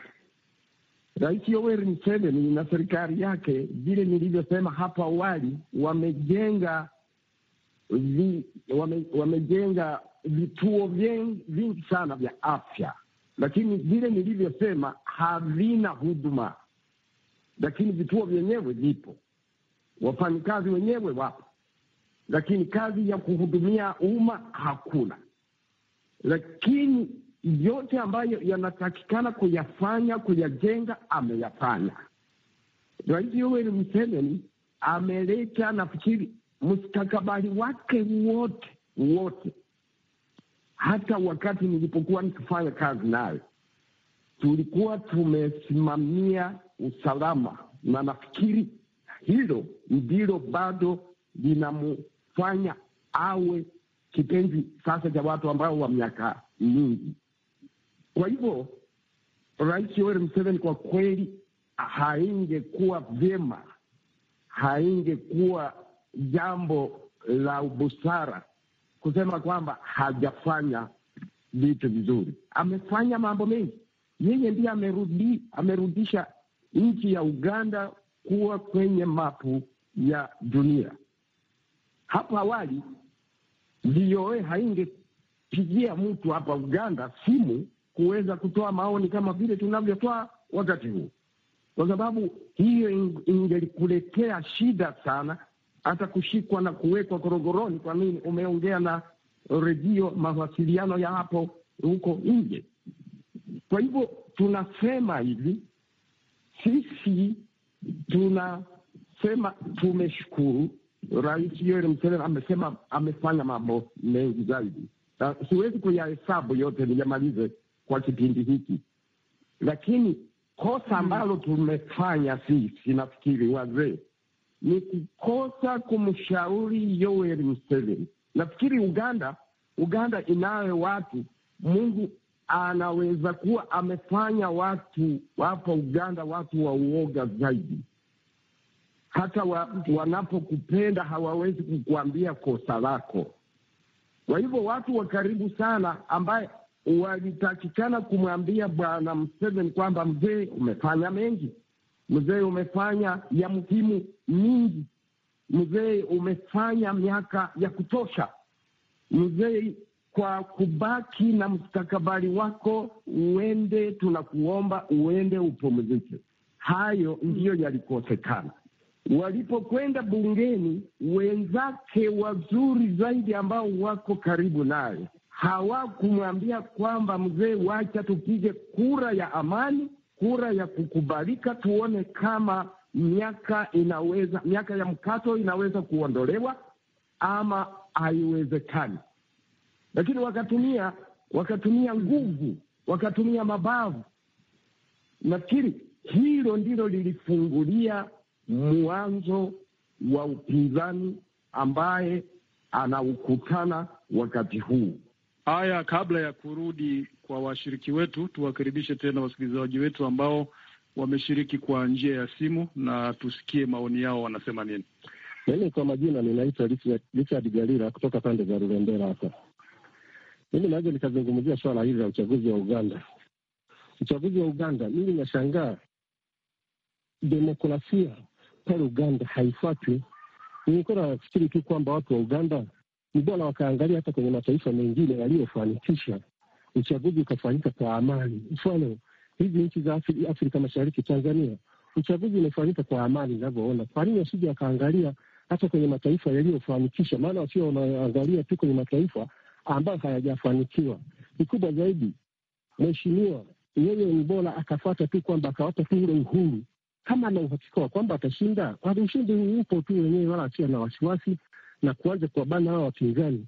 Rais Yoweri Museveni na serikali yake, vile nilivyosema hapo awali, wamejenga vi, wame, wamejenga vituo vingi sana vya afya, lakini vile nilivyosema havina huduma, lakini vituo vyenyewe vipo, wafanyikazi wenyewe wapo, lakini kazi ya kuhudumia umma hakuna, lakini yote ambayo yanatakikana kuyafanya kuyajenga ameyafanya. Rais Yoweri Museveni ameleta nafikiri mustakabali wake wote wote. Hata wakati nilipokuwa nikifanya kazi naye, tulikuwa tumesimamia usalama, na nafikiri hilo ndilo bado linamfanya awe kipenzi sasa cha watu ambao wa miaka mingi kwa hivyo Rais Yoweri Museveni kwa kweli, haingekuwa vyema, haingekuwa jambo la ubusara kusema kwamba hajafanya vitu vizuri. Amefanya mambo mengi, yeye ndiye amerudi, amerudisha nchi ya Uganda kuwa kwenye mapu ya dunia. Hapo awali VOA haingepigia mtu hapa Uganda simu kuweza kutoa maoni kama vile tunavyotoa wakati huu, kwa sababu hiyo ingelikuletea shida sana, hata kushikwa na kuwekwa korogoroni. Kwa nini umeongea na redio mawasiliano ya hapo huko nje? Kwa hivyo tunasema hivi sisi tunasema tumeshukuru Rais Yoweri Museveni amesema amefanya mambo mengi zaidi, siwezi kuyahesabu yote niyamalize kwa kipindi hiki, lakini kosa mm. ambalo tumefanya sisi, nafikiri wazee, ni kukosa kumshauri Yoweri Museveni. Nafikiri Uganda, Uganda inayo watu, Mungu anaweza kuwa amefanya watu wapo Uganda watu wa uoga zaidi, hata wa, wanapokupenda hawawezi kukuambia kosa lako. Kwa hivyo watu wa karibu sana ambaye walitakikana kumwambia Bwana Museveni kwamba mzee, umefanya mengi, mzee, umefanya ya muhimu mingi, mzee, umefanya miaka ya kutosha, mzee kwa kubaki na mstakabali wako uende, tunakuomba uende upumzike. Hayo ndiyo yalikosekana. Walipokwenda bungeni, wenzake wazuri zaidi ambao wako karibu naye hawakumwambia kwamba mzee, wacha tupige kura ya amani, kura ya kukubalika, tuone kama miaka inaweza miaka ya mkato inaweza kuondolewa ama haiwezekani. Lakini wakatumia wakatumia nguvu, wakatumia mabavu. Nafikiri hilo ndilo lilifungulia mwanzo wa upinzani ambaye anaukutana wakati huu. Haya, kabla ya kurudi kwa washiriki wetu, tuwakaribishe tena wasikilizaji wetu ambao wameshiriki kwa njia ya simu na tusikie maoni yao wanasema nini. Mimi kwa majina ninaitwa Richard Galira kutoka pande za Rurembera hapa. Mimi naweza nikazungumzia swala hili la uchaguzi wa Uganda. Uchaguzi wa Uganda, mimi nashangaa demokrasia pale Uganda haifuatwi. Nilikuwa nafikiri tu kwamba watu wa Uganda ni bora wakaangalia hata kwenye mataifa mengine yaliyofanikisha uchaguzi ukafanyika kwa amani. Mfano hizi nchi za Afri, Afrika Mashariki, Tanzania, uchaguzi umefanyika kwa amani inavyoona. Kwa nini wasije wakaangalia hata kwenye mataifa yaliyofanikisha? Maana wasio wanaangalia tu kwenye mataifa ambayo hayajafanikiwa. Kikubwa zaidi, mheshimiwa yeye ni bora akafata tu kwamba akawapa tu ule uhuru, kama ana uhakika wa kwamba atashinda, ushindi upo tu wenyewe, wala asio na wasiwasi na kuanza kuwabana hawa wapinzani.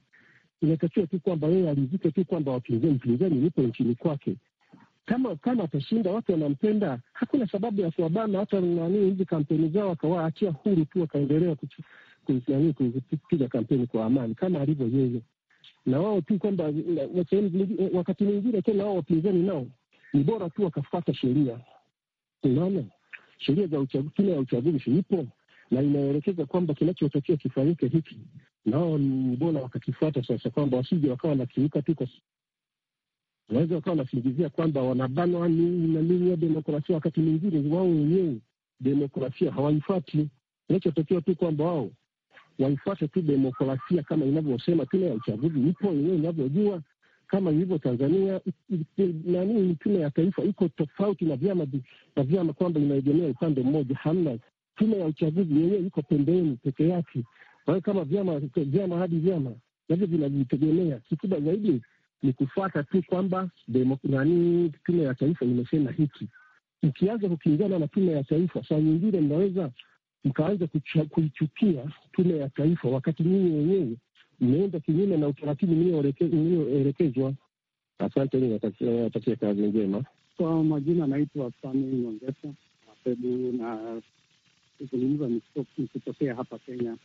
Inatakiwa tu kwamba yeye alizike tu kwamba wapinzani, mpinzani yupo nchini kwake. Kama kama atashinda, watu wanampenda, hakuna sababu ya kuwabana hata nani hizi kampeni zao, akawaachia huru tu, wakaendelea kupiga kampeni kwa amani kama alivyo yeye na wao tu kwamba eh, wakati mwingine tena wao wapinzani nao ni bora tu wakafuata sheria. Unaona, sheria za tume ya uchaguzi ipo, na inaelekeza kwamba kinachotakiwa kifanyike hiki, nao ni bora wakakifuata sasa, kwamba wasije wakawa wanakiuka tu, kwa wanaweza wakawa wanasingizia kwamba wanabanwa nini na nini ya demokrasia, wakati mwingine wao wenyewe demokrasia hawaifuati. Kinachotakiwa tu kwamba wao waifuate tu demokrasia kama inavyosema tume ya uchaguzi ipo yenyewe inavyojua kama ilivyo Tanzania. Nani tume ya taifa iko tofauti na vyama na vyama, kwamba inaegemea upande mmoja, hamna tume ya uchaguzi yenyewe iko pembeni peke yake. Kwa hiyo kama vyama vyama hadi vyama navyo vinajitegemea, kikubwa zaidi ni kufuata tu kwamba nani tume ya taifa imesema hiki. Mkianza kukingana na tume ya taifa, saa nyingine mnaweza mkaanza kuichukia tume ya taifa, wakati nyinyi wenyewe mmeenda kinyume na utaratibu mlioelekezwa. Asante, niwatakia kazi njema. Kwa majina anaitwa Sami Nyongesa Masebu na kuzungumza nikitokea hapa Kenya.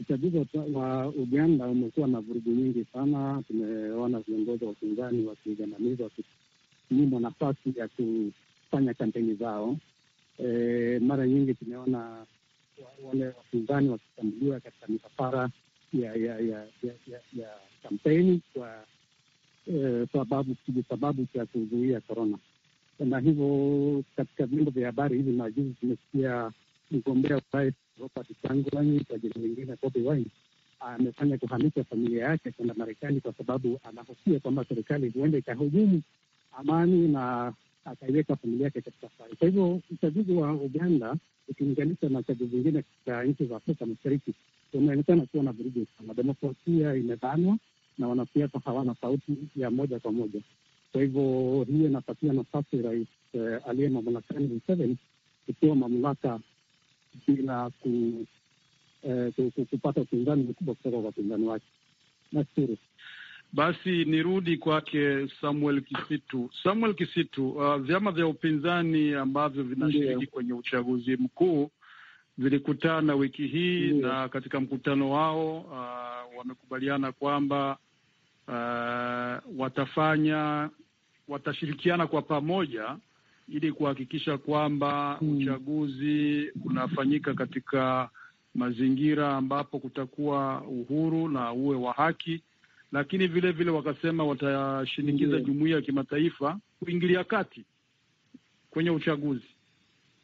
Uchaguzi wa Uganda umekuwa na vurugu nyingi sana. Tumeona viongozi wa upinzani wakigandamizwa, wakinyimwa nafasi ya kufanya kampeni zao. E, mara nyingi tumeona wale wapinzani wakishambuliwa katika misafara ya ya ya ya, ya kampeni kwa e, sababu cha kuzuia korona, na hivyo katika vyombo vya habari hivi majuzi tumesikia mgombea urais Robert Kyagulanyi kwa jina lingine Bobi Wine amefanya kuhamisha familia yake kwenda Marekani kwa sababu anahofia kwamba serikali huenda ikahujumu amani na akaiweka familia yake katika hatari. Kwa hivyo uchaguzi wa Uganda ukilinganisha na chaguzi zingine katika nchi za Afrika Mashariki umeonekana kuwa na vurugu sana. Demokrasia imebanwa na wanasiasa hawana sauti ya moja kwa moja. Kwa hivyo hiyo inapatia nafasi rais eh, aliye mamlakani Museveni kupewa mamlaka bila ku, eh, kupata upinzani mkubwa kutoka kwa wapinzani wake. Nashukuru. Basi nirudi kwake Samuel Kisitu. Samuel Kisitu, uh, vyama vya upinzani ambavyo vinashiriki yeah, kwenye uchaguzi mkuu vilikutana wiki hii yeah, na katika mkutano wao uh, wamekubaliana kwamba uh, watafanya watashirikiana kwa pamoja ili kuhakikisha kwamba hmm. uchaguzi unafanyika katika mazingira ambapo kutakuwa uhuru na uwe wa haki, lakini vile vile wakasema watashinikiza jumuiya ya kimataifa kuingilia kati kwenye uchaguzi.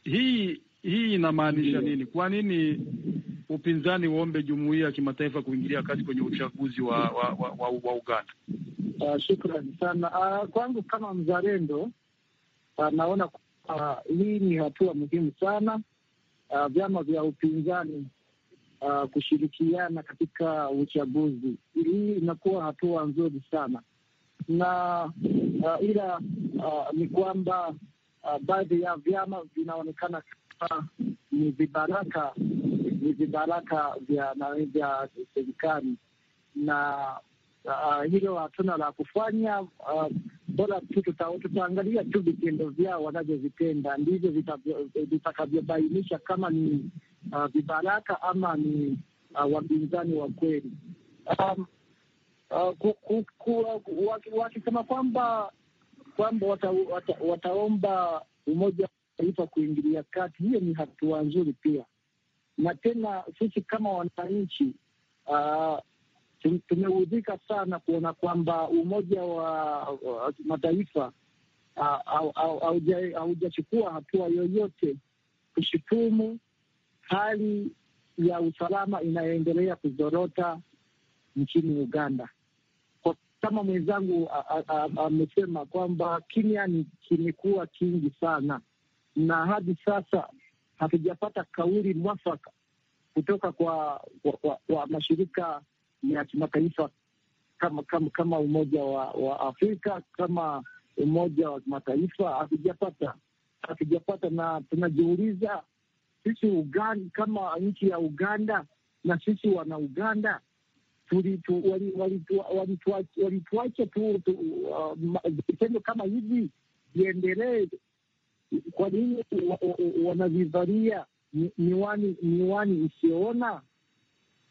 Hii hii inamaanisha yeah, nini? Kwa nini upinzani waombe jumuiya ya kimataifa kuingilia kati kwenye uchaguzi wa wa, wa, wa, wa Uganda? Uh, shukrani sana uh, kwangu kama mzalendo Ah, naona kwamba hii ni hatua muhimu sana, ah, vyama vya upinzani Uh, kushirikiana katika uchaguzi. Hii inakuwa hatua nzuri sana na uh, ila uh, ni kwamba uh, baadhi ya vyama vinaonekana kama ni vibaraka ni vibaraka vya vya serikali na uh, hilo hatuna la kufanya uh, bora tu tutaangalia tu vitendo vyao wanavyovitenda, ndivyo vitakavyobainisha kama ni uh, vibaraka ama ni uh, wapinzani wa kweli. Um, uh, wakisema kwamba kwamba wata, wata, wataomba Umoja wa Mataifa kuingilia kati, hiyo ni hatua nzuri pia, na tena sisi kama wananchi uh, tumeudhika sana kuona kwamba Umoja wa Mataifa haujachukua hatua yoyote kushutumu hali ya usalama inayoendelea kuzorota nchini Uganda. Kwa kama mwenzangu amesema kwamba kimya ni kimekuwa kingi sana, na hadi sasa hatujapata kauli mwafaka kutoka kwa, kwa, kwa, kwa mashirika ya kimataifa kama kama kama Umoja wa, wa Afrika kama Umoja wa Kimataifa hatujapata hatujapata, na tunajiuliza sisi Uganda, kama nchi ya Uganda na sisi wana Uganda walituacha tu vitendo kama hivi viendelee. Kwa nini wanavivalia miwani miwani isiyoona?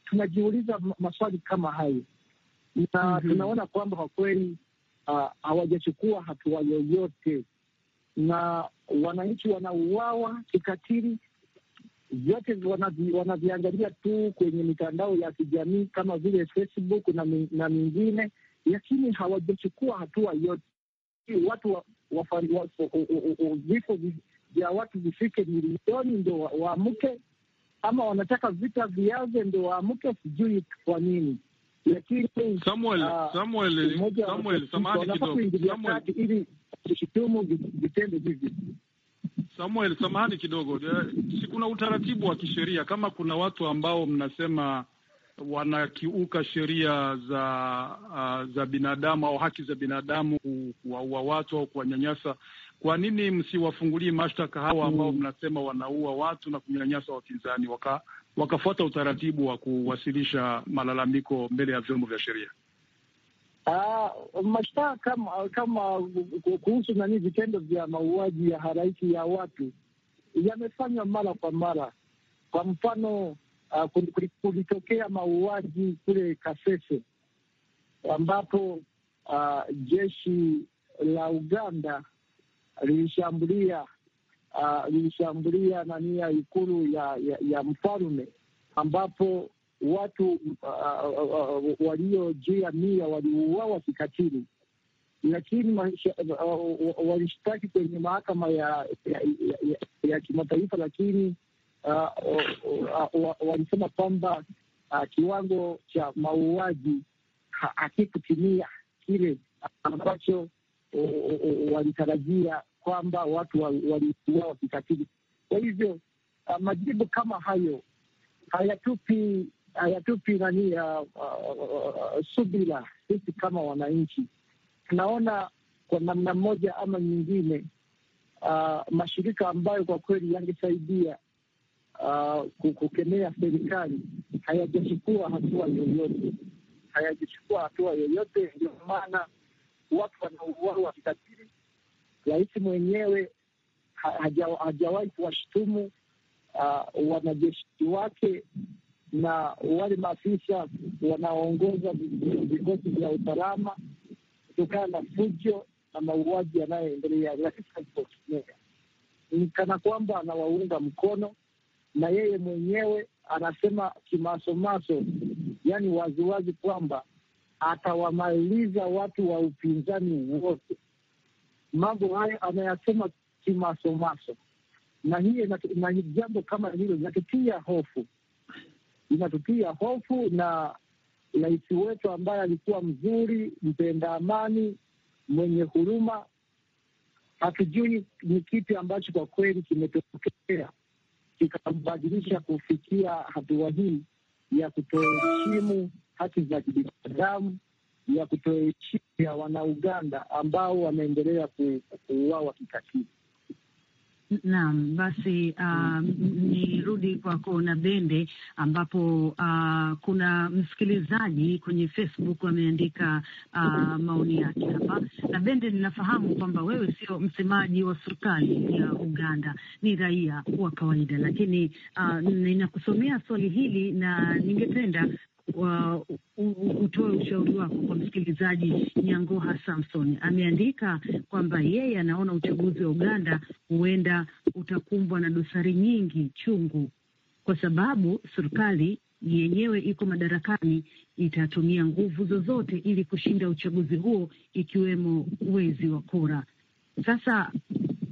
tunajiuliza maswali kama hayo na mm -hmm. tunaona kwamba kwa kweli hawajachukua hatua yoyote, na wananchi wanauawa kikatili. Vyote wanaviangalia tu kwenye mitandao ya kijamii kama vile Facebook na, na mingine, lakini hawajachukua hatua yote. Watu vifo vya watu vifike milioni ndo waamke wa ama wanataka vita viaze ndio waamke, sijui kwa nini lakini Samuel, ah, samahani kidogo kushutumu vitendo hivi. Samuel, samahani kidogo, eh, si kuna utaratibu wa kisheria kama kuna watu ambao mnasema wanakiuka sheria za uh, za binadamu au haki za binadamu, kuwaua watu au kuwanyanyasa, kwa nini msiwafungulie mashtaka hawa ambao mnasema wanaua watu na kunyanyasa wapinzani, waka wakafuata utaratibu wa kuwasilisha malalamiko mbele ya vyombo vya sheria? Uh, mashtaka kama, kama kuhusu nani vitendo vya mauaji ya halaiki ya watu yamefanywa mara kwa mara. Kwa mfano uh, kulitokea mauaji kule Kasese ambapo uh, jeshi la Uganda lilishambulia uh, ah, lilishambulia nania ikulu ya, ya, ya mfalme ambapo watu uh, ah, uh, ah, waliojia mia waliuawa kikatili, lakini uh, walishtaki kwenye mahakama ya, ya, ya, ya, ya kimataifa, lakini uh, uh, uh, walisema kwamba uh, kiwango cha mauaji hakikutimia kile ambacho walitarajia kwamba watu waliuawa wakikatili. kikatili. Kwa hivyo uh, majibu kama hayo hayatupi hayatupi nani uh uh, uh, uh, subira sisi kama wananchi. Tunaona kwa namna moja ama nyingine uh, mashirika ambayo kwa kweli yangesaidia uh, kukemea serikali hayajachukua hatua yoyote, hayajachukua hatua yoyote. Ndio maana watu wanauawa kikatili rais mwenyewe hajawahi kuwashutumu uh, wanajeshi wake na wale maafisa wanaoongoza vikosi vya usalama kutokana na fujo na mauaji yanayoendelea, lakini hazipotumika ni kana kwamba anawaunga mkono, na yeye mwenyewe anasema kimasomaso, yaani waziwazi kwamba atawamaliza watu wa upinzani wote mambo haya anayasema kimasomaso, na hii na jambo kama hilo inatutia hofu, inatutia hofu. Na rais wetu ambaye alikuwa mzuri, mpenda amani, mwenye huruma, hatujui ni kipi ambacho kwa kweli kimetokea kikabadilisha kufikia hatua hii ya kutoheshimu haki za kibinadamu ya kutoia Wanauganda ambao wameendelea kuuawa kikatili. Naam, basi uh, nirudi kwako na Bende, ambapo uh, kuna msikilizaji kwenye Facebook ameandika uh, maoni yake hapa. Na Bende, ninafahamu kwamba wewe sio msemaji wa serikali ya Uganda, ni raia wa kawaida, lakini uh, ninakusomea swali hili na ningependa utoe ushauri wako kwa msikilizaji. Nyangoha Samson ameandika kwamba yeye anaona uchaguzi wa Uganda huenda utakumbwa na dosari nyingi chungu, kwa sababu serikali yenyewe iko madarakani itatumia nguvu zozote ili kushinda uchaguzi huo, ikiwemo wezi wa kura. Sasa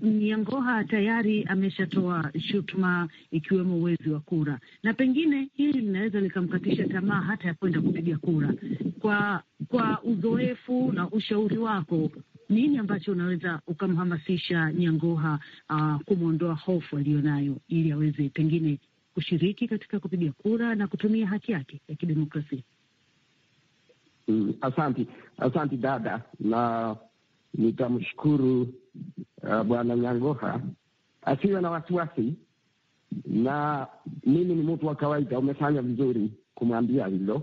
Nyang'oha tayari ameshatoa shutuma ikiwemo uwezi wa kura, na pengine hili linaweza likamkatisha tamaa hata ya kwenda kupiga kura. Kwa kwa uzoefu na ushauri wako, nini ambacho unaweza ukamhamasisha Nyang'oha uh, kumwondoa hofu aliyonayo ili aweze pengine kushiriki katika kupiga kura na kutumia haki yake ya kidemokrasia? Mm, asante asante dada na nitamshukuru uh, Bwana Nyangoha asiwe na wasiwasi, na mimi ni mtu wa kawaida. Umefanya vizuri kumwambia hilo.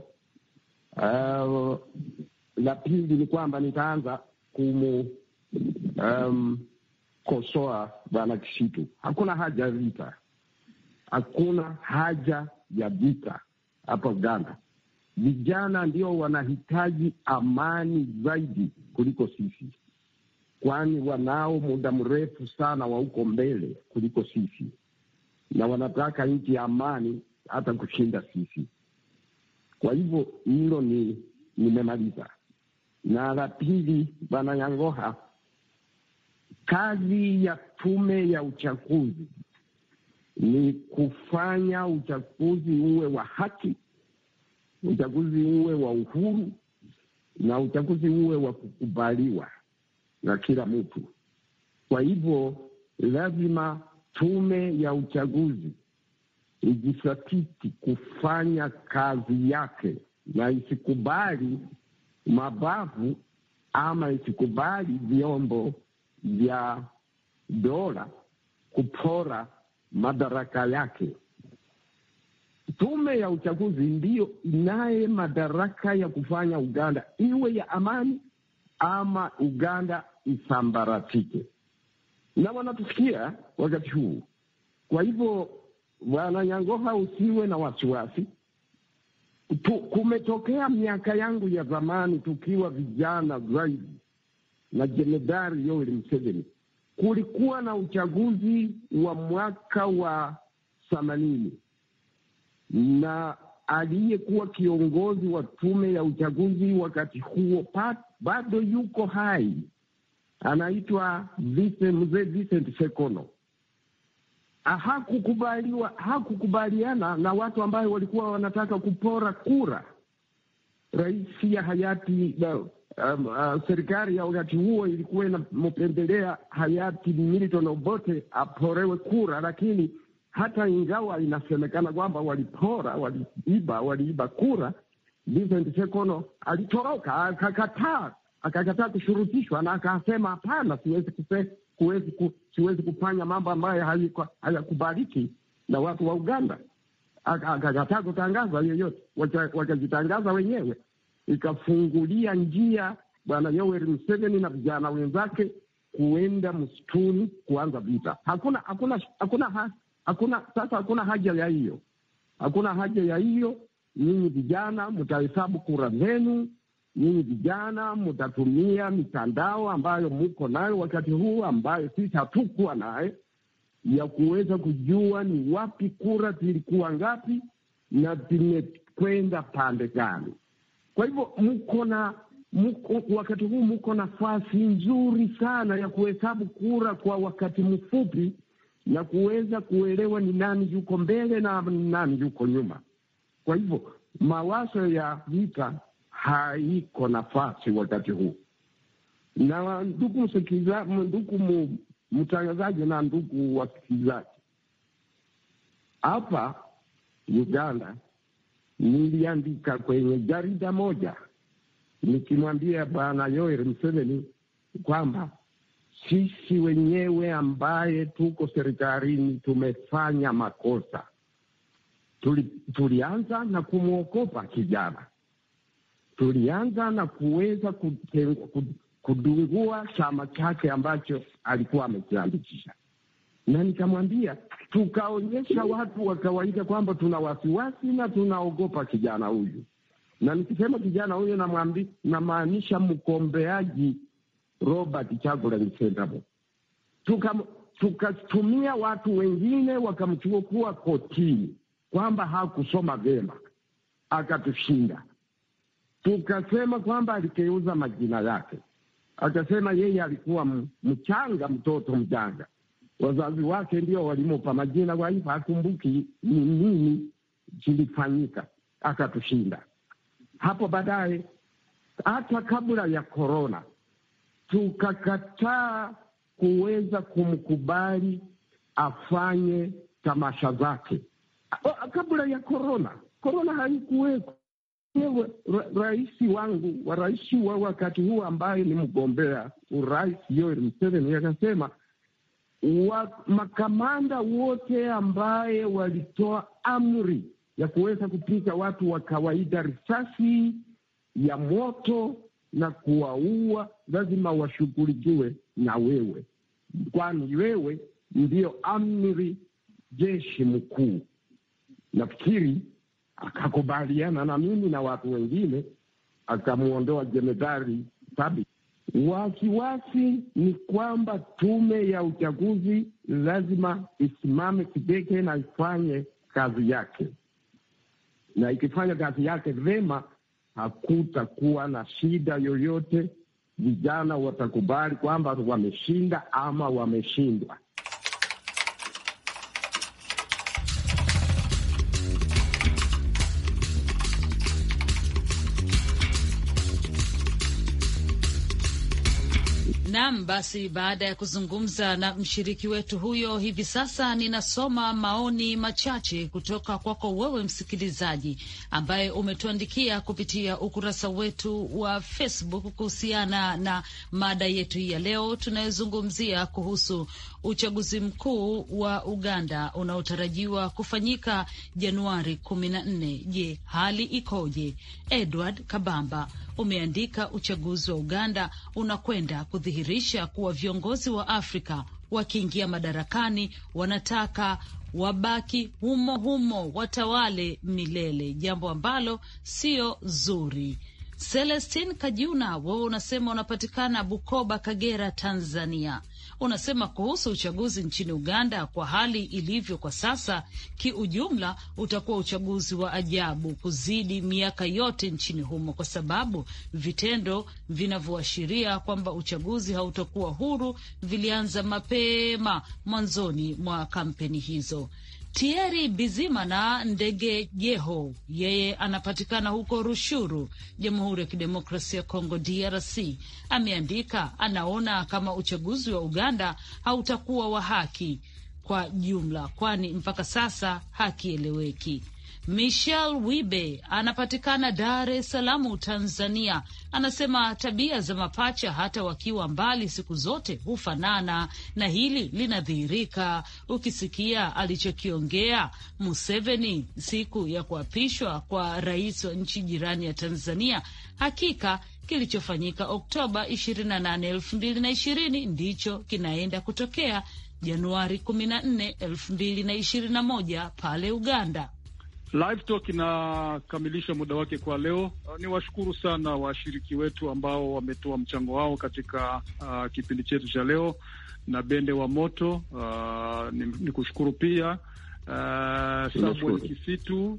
Uh, la pili ni kwamba nitaanza kumu um, kosoa Bwana Kisitu. Hakuna haja ya vita, hakuna haja ya vita hapa Uganda. Vijana ndio wanahitaji amani zaidi kuliko sisi kwani wanao muda mrefu sana wa huko mbele kuliko sisi, na wanataka nchi ya amani hata kushinda sisi. Kwa hivyo hilo ni nimemaliza. Na la pili, Bwana Nyangoha, kazi ya tume ya uchaguzi ni kufanya uchaguzi uwe wa haki, uchaguzi uwe wa uhuru na uchaguzi uwe wa kukubaliwa na kila mtu. Kwa hivyo lazima tume ya uchaguzi ijisatiti kufanya kazi yake na isikubali mabavu ama isikubali vyombo vya dola kupora madaraka yake. Tume ya uchaguzi ndiyo inaye madaraka ya kufanya Uganda iwe ya amani ama Uganda isambaratike, na wanatusikia wakati huu. Kwa hivyo, Bwana Nyangoha, usiwe na wasiwasi. Kumetokea miaka yangu ya zamani tukiwa vijana zaidi na jemedari Yoweri Museveni, kulikuwa na uchaguzi wa mwaka wa themanini na aliyekuwa kiongozi wa tume ya uchaguzi wakati huo bado yuko hai anaitwa mzee Vincent Sekono ah, hakukubaliwa hakukubaliana na watu ambayo walikuwa wanataka kupora kura rais ya hayati um, uh, serikali ya wakati huo ilikuwa inampendelea hayati Milton Obote aporewe kura, lakini hata ingawa inasemekana kwamba walipora, waliiba, waliiba kura, Vincent Sekono alitoroka akakataa akakataa kushurutishwa na akasema hapana, siwezi ku, siwezi kufanya mambo ambayo hayakubaliki na watu wa Uganda. Akakataa kutangaza yoyote, wakajitangaza wenyewe, ikafungulia njia Bwana Yoweri Museveni na vijana wenzake kuenda msituni kuanza vita. Hakuna hakuna hakuna ha, hakuna sasa, hakuna haja ya hiyo, hakuna haja ya hiyo. Nyinyi vijana mtahesabu kura zenu nyinyi vijana mtatumia mitandao ambayo muko nayo wakati huu, ambayo sisi hatukuwa nayo, ya kuweza kujua ni wapi kura zilikuwa ngapi na zimekwenda pande gani. Kwa hivyo mko na wakati huu mko nafasi nzuri sana ya kuhesabu kura kwa wakati mfupi na kuweza kuelewa ni nani yuko mbele na nani yuko nyuma. Kwa hivyo mawazo ya vita haiko nafasi wakati huu. Na ndugu msikilizaji, ndugu mtangazaji na ndugu wasikilizaji, hapa Uganda niliandika kwenye jarida moja nikimwambia Bwana Yoweri Museveni kwamba sisi wenyewe ambaye tuko serikalini tumefanya makosa. Tuli, tulianza na kumwokopa kijana tulianza na kuweza kudungua chama chake ambacho alikuwa amekiandikisha, na nikamwambia, tukaonyesha watu wa kawaida kwamba tuna wasiwasi na tunaogopa kijana huyu, na nikisema kijana huyu namaanisha mgombeaji Robert Kyagulanyi Ssentamu. Tukatumia tuka watu wengine wakamchukua kotini kwamba hakusoma vyema, akatushinda tukasema kwamba alikeuza majina yake, akasema yeye alikuwa mchanga, mtoto mchanga. Wazazi wake ndio walimupa majina, kwa hivyo hakumbuki ni nini kilifanyika, akatushinda hapo. Baadaye hata kabla ya korona, tukakataa kuweza kumkubali afanye tamasha zake kabla ya korona. Korona haikuweko rais wangu wa rais wa wakati huu ambaye ni mgombea urais Yoweri Museveni akasema wa, makamanda wote ambaye walitoa amri ya kuweza kupiga watu wa kawaida risasi ya moto na kuwaua lazima washughulikiwe na wewe, kwani wewe ndiyo amiri jeshi mkuu. Nafikiri akakubaliana na mimi na watu wengine, akamwondoa jemedari Sabi. Wasiwasi ni kwamba tume ya uchaguzi lazima isimame kideke na ifanye kazi yake, na ikifanya kazi yake vema, hakutakuwa na shida yoyote. Vijana watakubali kwamba wameshinda ama wameshindwa. Nam, basi baada ya kuzungumza na mshiriki wetu huyo, hivi sasa ninasoma maoni machache kutoka kwako wewe msikilizaji ambaye umetuandikia kupitia ukurasa wetu wa Facebook kuhusiana na mada yetu hii ya leo tunayozungumzia kuhusu uchaguzi mkuu wa Uganda unaotarajiwa kufanyika Januari kumi na nne. Je, hali ikoje? Edward Kabamba umeandika uchaguzi wa Uganda unakwenda kudhihirisha kuwa viongozi wa Afrika wakiingia madarakani wanataka wabaki humo humo, watawale milele, jambo ambalo sio zuri. Celestin Kajuna, wewe unasema unapatikana Bukoba, Kagera, Tanzania unasema kuhusu uchaguzi nchini Uganda kwa hali ilivyo kwa sasa, kiujumla utakuwa uchaguzi wa ajabu kuzidi miaka yote nchini humo, kwa sababu vitendo vinavyoashiria kwamba uchaguzi hautakuwa huru vilianza mapema mwanzoni mwa kampeni hizo. Thierry Bizimana Ndege Jeho, yeye anapatikana huko Rushuru, Jamhuri ya Kidemokrasia ya Kongo, DRC, ameandika anaona kama uchaguzi wa Uganda hautakuwa wa haki kwa jumla, kwani mpaka sasa hakieleweki. Michel Wibe anapatikana Dar es Salaam, Tanzania. Anasema tabia za mapacha hata wakiwa mbali siku zote hufanana, na hili linadhihirika ukisikia alichokiongea Museveni siku ya kuapishwa kwa rais wa nchi jirani ya Tanzania. Hakika kilichofanyika Oktoba 28, 2020 ndicho kinaenda kutokea Januari 14, 2021 pale Uganda. Live Talk inakamilisha muda wake kwa leo. Uh, ni washukuru sana washiriki wetu ambao wametoa mchango wao katika uh, kipindi chetu cha leo na Bende wa Moto. Uh, ni, ni kushukuru pia uh, Samuel Kisitu.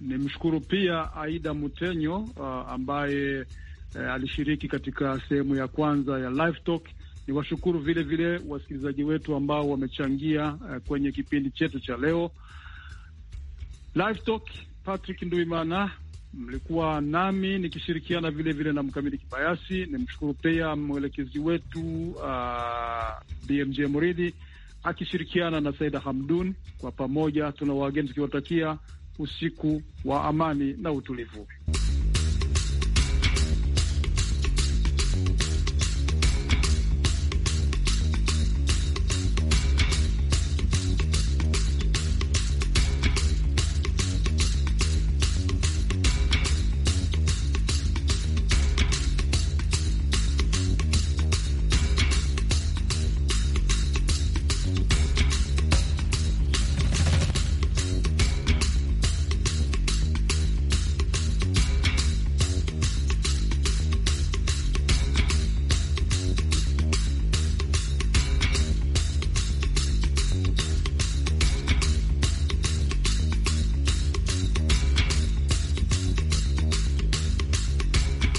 Nimshukuru pia Aida Mutenyo uh, ambaye uh, alishiriki katika sehemu ya kwanza ya Live Talk. Ni washukuru vile vile wasikilizaji wetu ambao wamechangia uh, kwenye kipindi chetu cha leo. Live Talk. Patrick Nduimana mlikuwa nami nikishirikiana vile vile na Mkamili Kibayasi. Nimshukuru pia mwelekezi wetu uh, BMJ Muridi akishirikiana na Saida Hamdun. Kwa pamoja tuna wageni tukiwatakia usiku wa amani na utulivu.